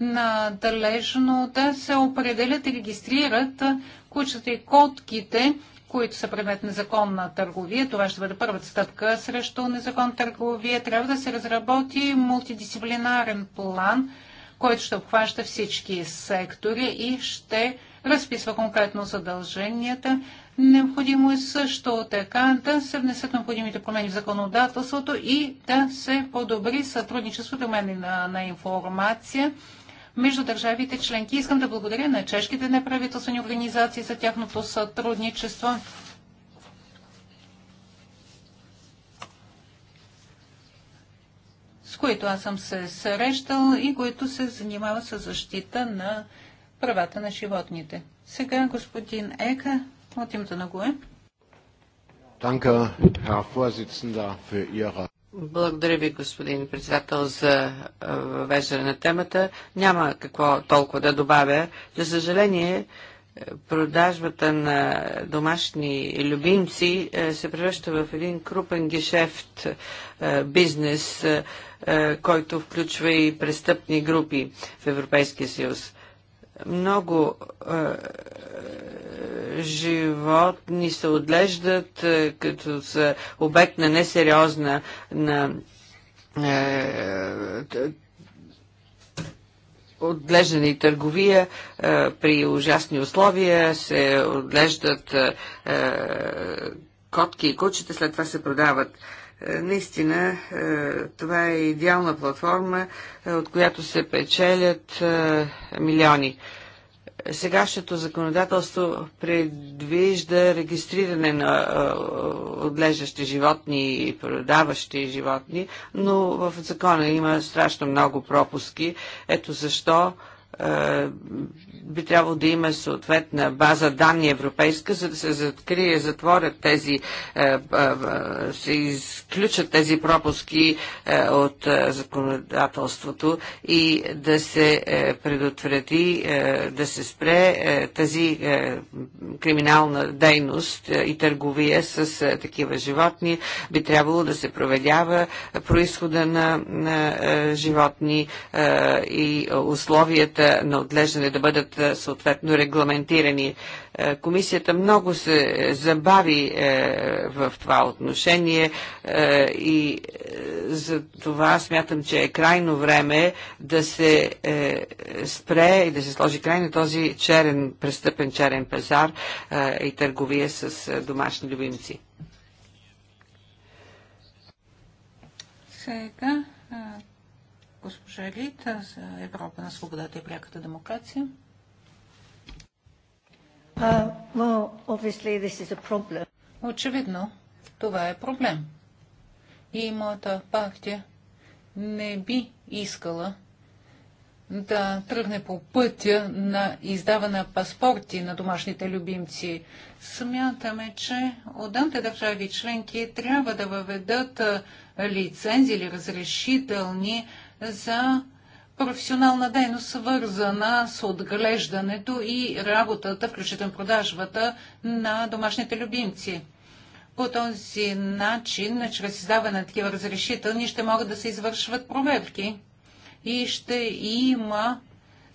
надлежно да се определят и регистрират кучета и котките които са предмет на законна търговия. Това ще бъде първата стъпка срещу незаконна търговия. Трябва да се разработи мултидисциплинарен план, който ще обхваща всички сектори и ще разписва конкретно задълженията. Необходимо е също така да се внесат необходимите промени в законодателството и да се подобри сътрудничеството мен на, на информация между държавите членки. Искам да благодаря на чешките неправителствени организации за тяхното сътрудничество. с които аз съм се срещал и които се занимават с защита на правата на животните. Сега господин Ека от името на ГУЕ. Данка, Herr Vorsitzender, für Ihre благодаря ви, господин председател, за въвеждане на темата. Няма какво толкова да добавя. За съжаление, е, продажбата на домашни любимци е, се превръща в един крупен гешефт е, бизнес, който включва и престъпни групи в Европейския съюз. Много животни се отглеждат е, като са обект на несериозна на е, отглеждане и търговия е, при ужасни условия, се отглеждат котки и кучета, след това се продават. наистина, това е идеална платформа, от която се печелят милиони сегашното законодателство предвижда регистриране на отлежащи животни и продаващи животни, но в закона има страшно много пропуски. Ето защо би трябвало да има съответна база данни европейска, за да се закрие, затворят тези, е, е, е, се изключат тези пропуски от законодателството и да се предотврати, да се спре тази криминална дейност и търговия с такива животни. Би трябвало да се проведява происхода на, на животни и условията на отглеждане да бъдат съответно регламентирани. Комисията много се забави е, в това отношение е, и е, за това смятам, че е крайно време да се спре и да се сложи край на този черен, престъпен черен пазар и търговия с домашни любимци. Сега госпожа Елита за Европа на свободата и пряката демокрация. Очевидно, това е проблем. И моята партия не би искала да тръгне по пътя на издаване на паспорти на домашните любимци. Смятаме, че отделните държави членки трябва да въведат лицензи или разрешителни за професионална дейност, свързана с отглеждането и работата, включително продажбата на домашните любимци. По този начин, чрез издаване на такива разрешителни, ще могат да се извършват проверки и ще има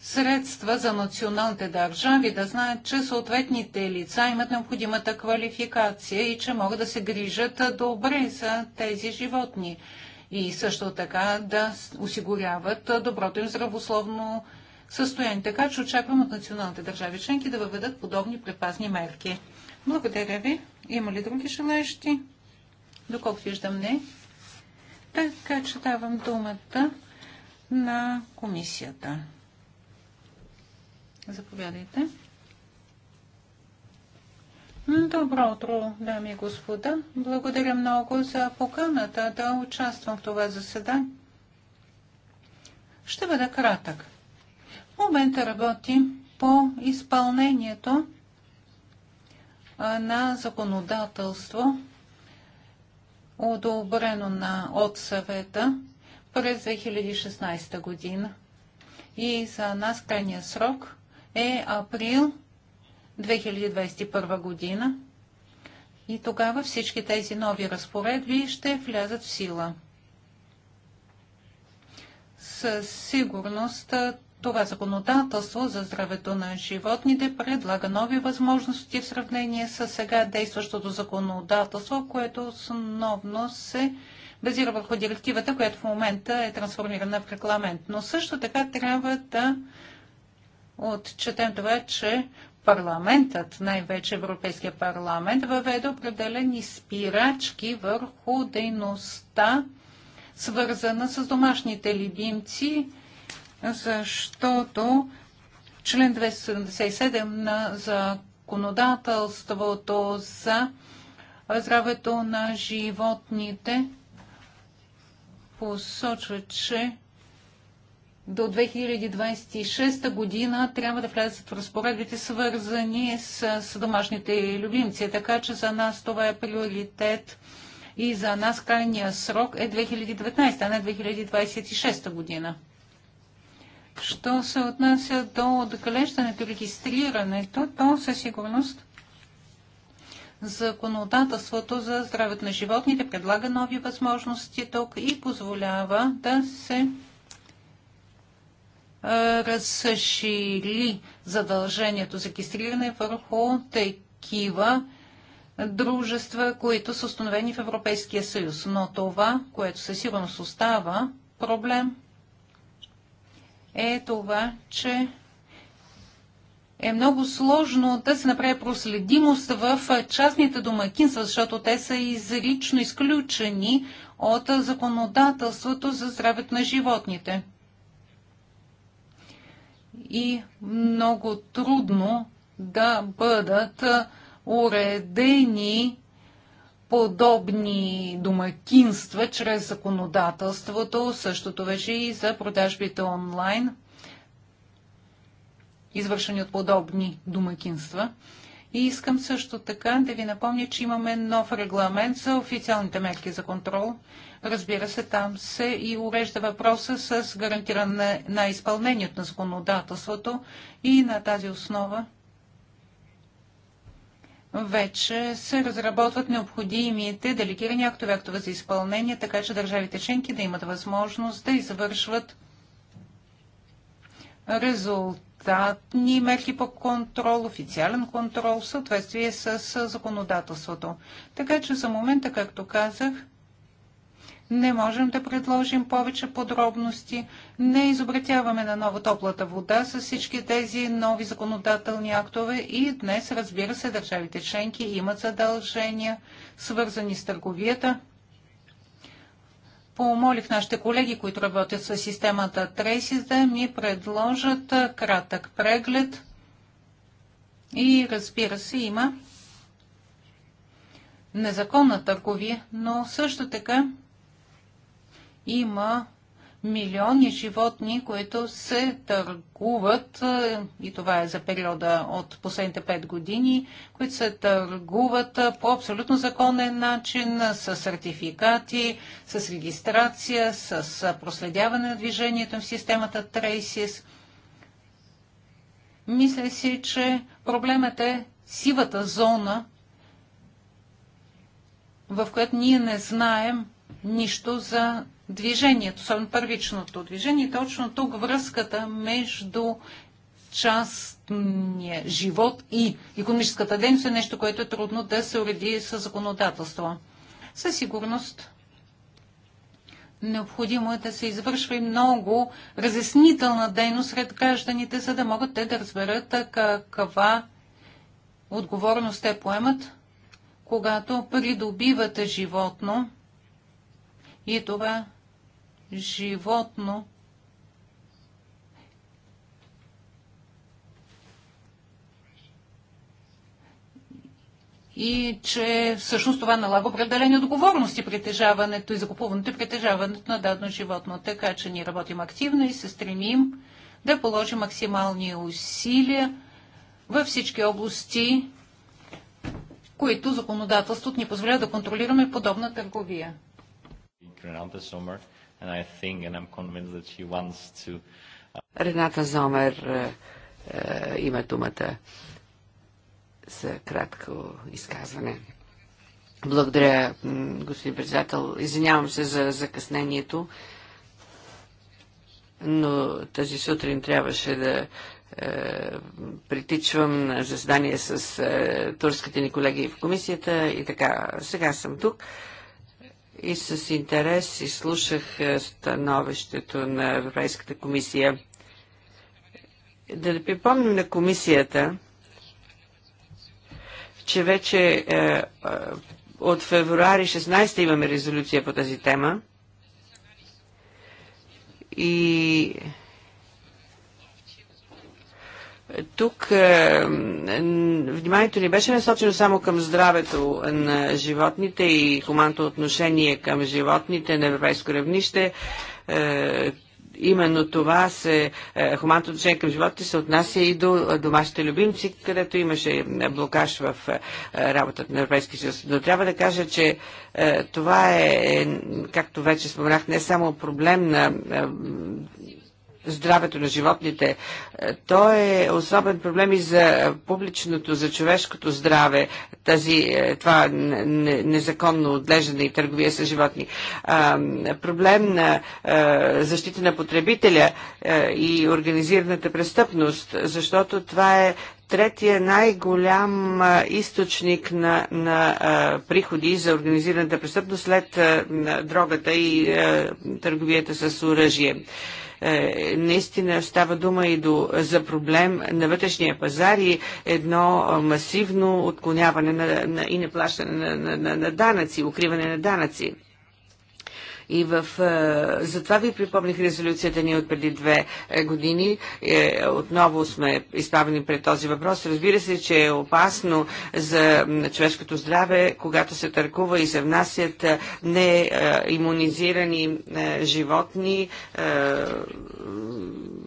средства за националните държави да знаят, че съответните лица имат необходимата квалификация и че могат да се грижат добре за тези животни и също така да осигуряват доброто им здравословно състояние. Така че очаквам от националните държави членки да въведат подобни предпазни мерки. Благодаря ви. Има ли други желаящи? Доколко виждам не. Така че давам думата на комисията. Заповядайте. Добро утро, дами и господа. Благодаря много за поканата да участвам в това заседание. Ще бъда кратък. В момента работим по изпълнението на законодателство, одобрено на от съвета през 2016 година. И за нас крайния срок е април 2021 година. И тогава всички тези нови разпоредби ще влязат в сила. Със сигурност това законодателство за здравето на животните предлага нови възможности в сравнение с сега действащото законодателство, което основно се базира върху директивата, която в момента е трансформирана в регламент. Но също така трябва да отчетем това, че парламентът, най-вече Европейския парламент, въведе определени спирачки върху дейността, свързана с домашните любимци, защото член 277 на законодателството за здравето на животните посочва, че до 2026 година трябва да влязат в разпоредбите, свързани с, с домашните любимци. Така че за нас това е приоритет и за нас крайния срок е 2019, а не 2026 година. Що се отнася до отглеждането, регистрирането, то със сигурност законодателството за здравето на животните предлага нови възможности тук и позволява да се разшири задължението за регистриране върху такива дружества, които са установени в Европейския съюз. Но това, което със сигурност остава проблем, е това, че е много сложно да се направи проследимост в частните домакинства, защото те са изрично изключени от законодателството за здравето на животните и много трудно да бъдат уредени подобни домакинства чрез законодателството. Същото вече и за продажбите онлайн, извършени от подобни домакинства. И искам също така да ви напомня, че имаме нов регламент за официалните мерки за контрол. Разбира се, там се и урежда въпроса с гарантиране на изпълнението на законодателството и на тази основа вече се разработват необходимите делегирани актове, актове за изпълнение, така че държавите членки да имат възможност да извършват резултат щатни мерки по контрол, официален контрол в съответствие с, законодателството. Така че за момента, както казах, не можем да предложим повече подробности, не изобретяваме на нова топлата вода с всички тези нови законодателни актове и днес, разбира се, държавите членки имат задължения, свързани с търговията, помолих нашите колеги, които работят с системата Traces, да ми предложат кратък преглед. И разбира се, има незаконна търговия, но също така има милиони животни, които се търгуват, е, и това е за периода от последните 5 години, които се търгуват е, по абсолютно законен начин, с сертификати, с регистрация, с е, проследяване на движението в системата Traces. Мисля си, че проблемът е сивата зона, в която ние не знаем нищо за движението, особено първичното движение. Точно тук връзката между частния живот и економическата дейност е нещо, което е трудно да се уреди с законодателство. Със сигурност необходимо е да се извършва и много разяснителна дейност сред гражданите, за да могат те да разберат каква отговорност те поемат, когато придобивате животно. И това животно и че всъщност това налага определени отговорности притежаването и закупуването и притежаването на дадено животно. Така че ние работим активно и се стремим да положим максимални усилия във всички области, които законодателството ни позволя да контролираме подобна търговия. And I think, and I'm convinced that she wants to... Uh, Рената Зомер е, е, има думата за кратко изказване. Благодаря, господин председател. Извинявам се за закъснението, но тази сутрин трябваше да е, притичвам на заседание с турските ни колеги в комисията и така, сега съм тук и с интерес изслушах е, становището на Европейската комисия. Да не припомним на комисията, че вече е, е от февруари 16 имаме резолюция по тази тема и тук е, вниманието ни беше насочено само към здравето на животните и хуманто отношение към животните на европейско равнище. Е, именно това се, е, хуманто отношение към животните се отнася и до домашните любимци, където имаше блокаж в работата на Европейския съюз. Но трябва да кажа, че това е, както вече споменах, не само проблем на здравето на животните. Е, то е особен проблем и за публичното, за човешкото здраве, тази, е, това незаконно отглеждане и търговия с животни. проблем на е, защита на потребителя и организираната престъпност, защото това е третия най-голям източник на, на а, приходи за организираната престъпност след а, дрогата и а, търговията с оръжие. Е, наистина става дума и до, за проблем на вътрешния пазар и едно масивно отклоняване на, на, и неплащане на, на, на, на данъци, укриване на данъци. И в, е, затова ви припомних резолюцията ни от преди две е, години. Е, отново сме изправени пред този въпрос. Разбира се, че е опасно за човешкото здраве, когато се търкува и се внасят неимунизирани животни.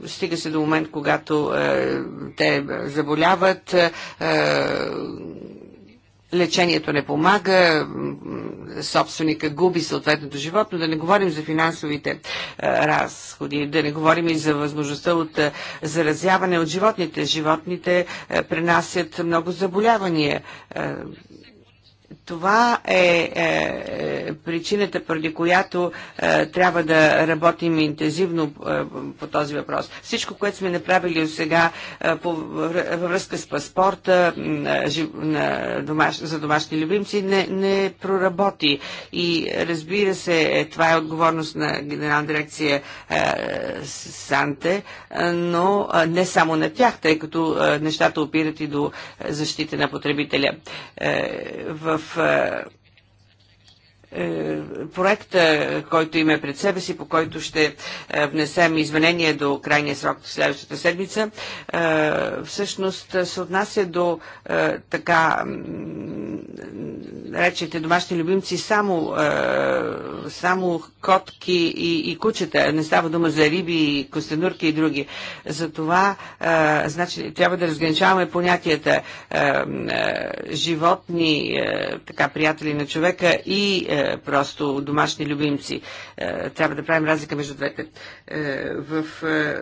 Стига се до момент, когато те заболяват лечението не помага, собственика губи съответното животно, да не говорим за финансовите е, разходи, да не говорим и за възможността от е, заразяване от животните. Животните е, пренасят много заболявания това е, е причината, преди която е, трябва да работим интензивно е, по този въпрос. Всичко, което сме направили сега е, по, във връзка с паспорта е, на домаш, за домашни любимци, не, не проработи. И разбира се, е, това е отговорност на генерална дирекция е, Санте, е, но е, не само на тях, тъй като е, нещата опират и до е, защита на потребителя. Е, в е, е, проекта, който има пред себе си, по който ще е, внесем извинения до крайния срок следващата седмица, е, всъщност се отнася до така речете домашни любимци само, само котки и, и кучета. Не става дума за риби, костенурки и други. Затова значи, трябва да разграничаваме понятията животни, така приятели на човека и просто домашни любимци. Е, трябва да правим разлика между двете. Е, в, е,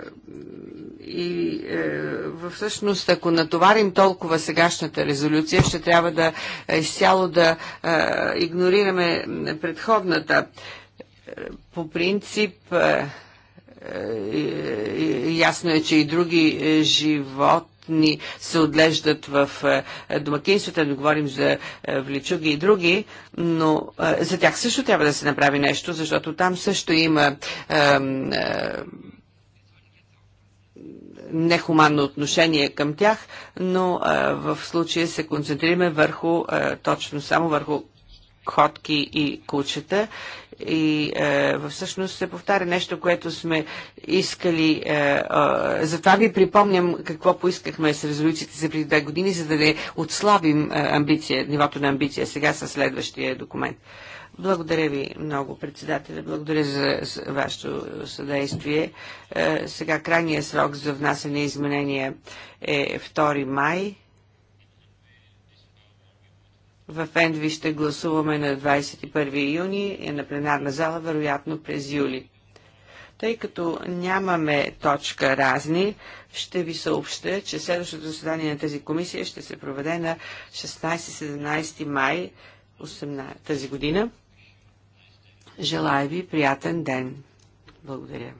и в всъщност, ако натоварим толкова сегашната резолюция, ще трябва да изцяло да игнорираме предходната. По принцип, ясно е, че и други живот ни се отглеждат в е, домакинствата, да говорим за е, вличуги и други, но е, за тях също трябва да се направи нещо, защото там също има нехуманно отношение към тях, но в случая се концентрираме върху, точно само върху котки и кучета и е, всъщност се повтаря нещо, което сме искали. Е, е, затова ви припомням какво поискахме с резолюциите за преди две години, за да не отслабим е, амбиция, нивото на амбиция сега със следващия документ. Благодаря ви много, председателя. Благодаря за, за вашето съдействие. Е, сега крайният срок за внасяне изменения е 2 май в Ендви ще гласуваме на 21 юни и на пленарна зала, вероятно през юли. Тъй като нямаме точка разни, ще ви съобща, че следващото заседание на тази комисия ще се проведе на 16-17 май 18, тази година. Желая ви приятен ден. Благодаря.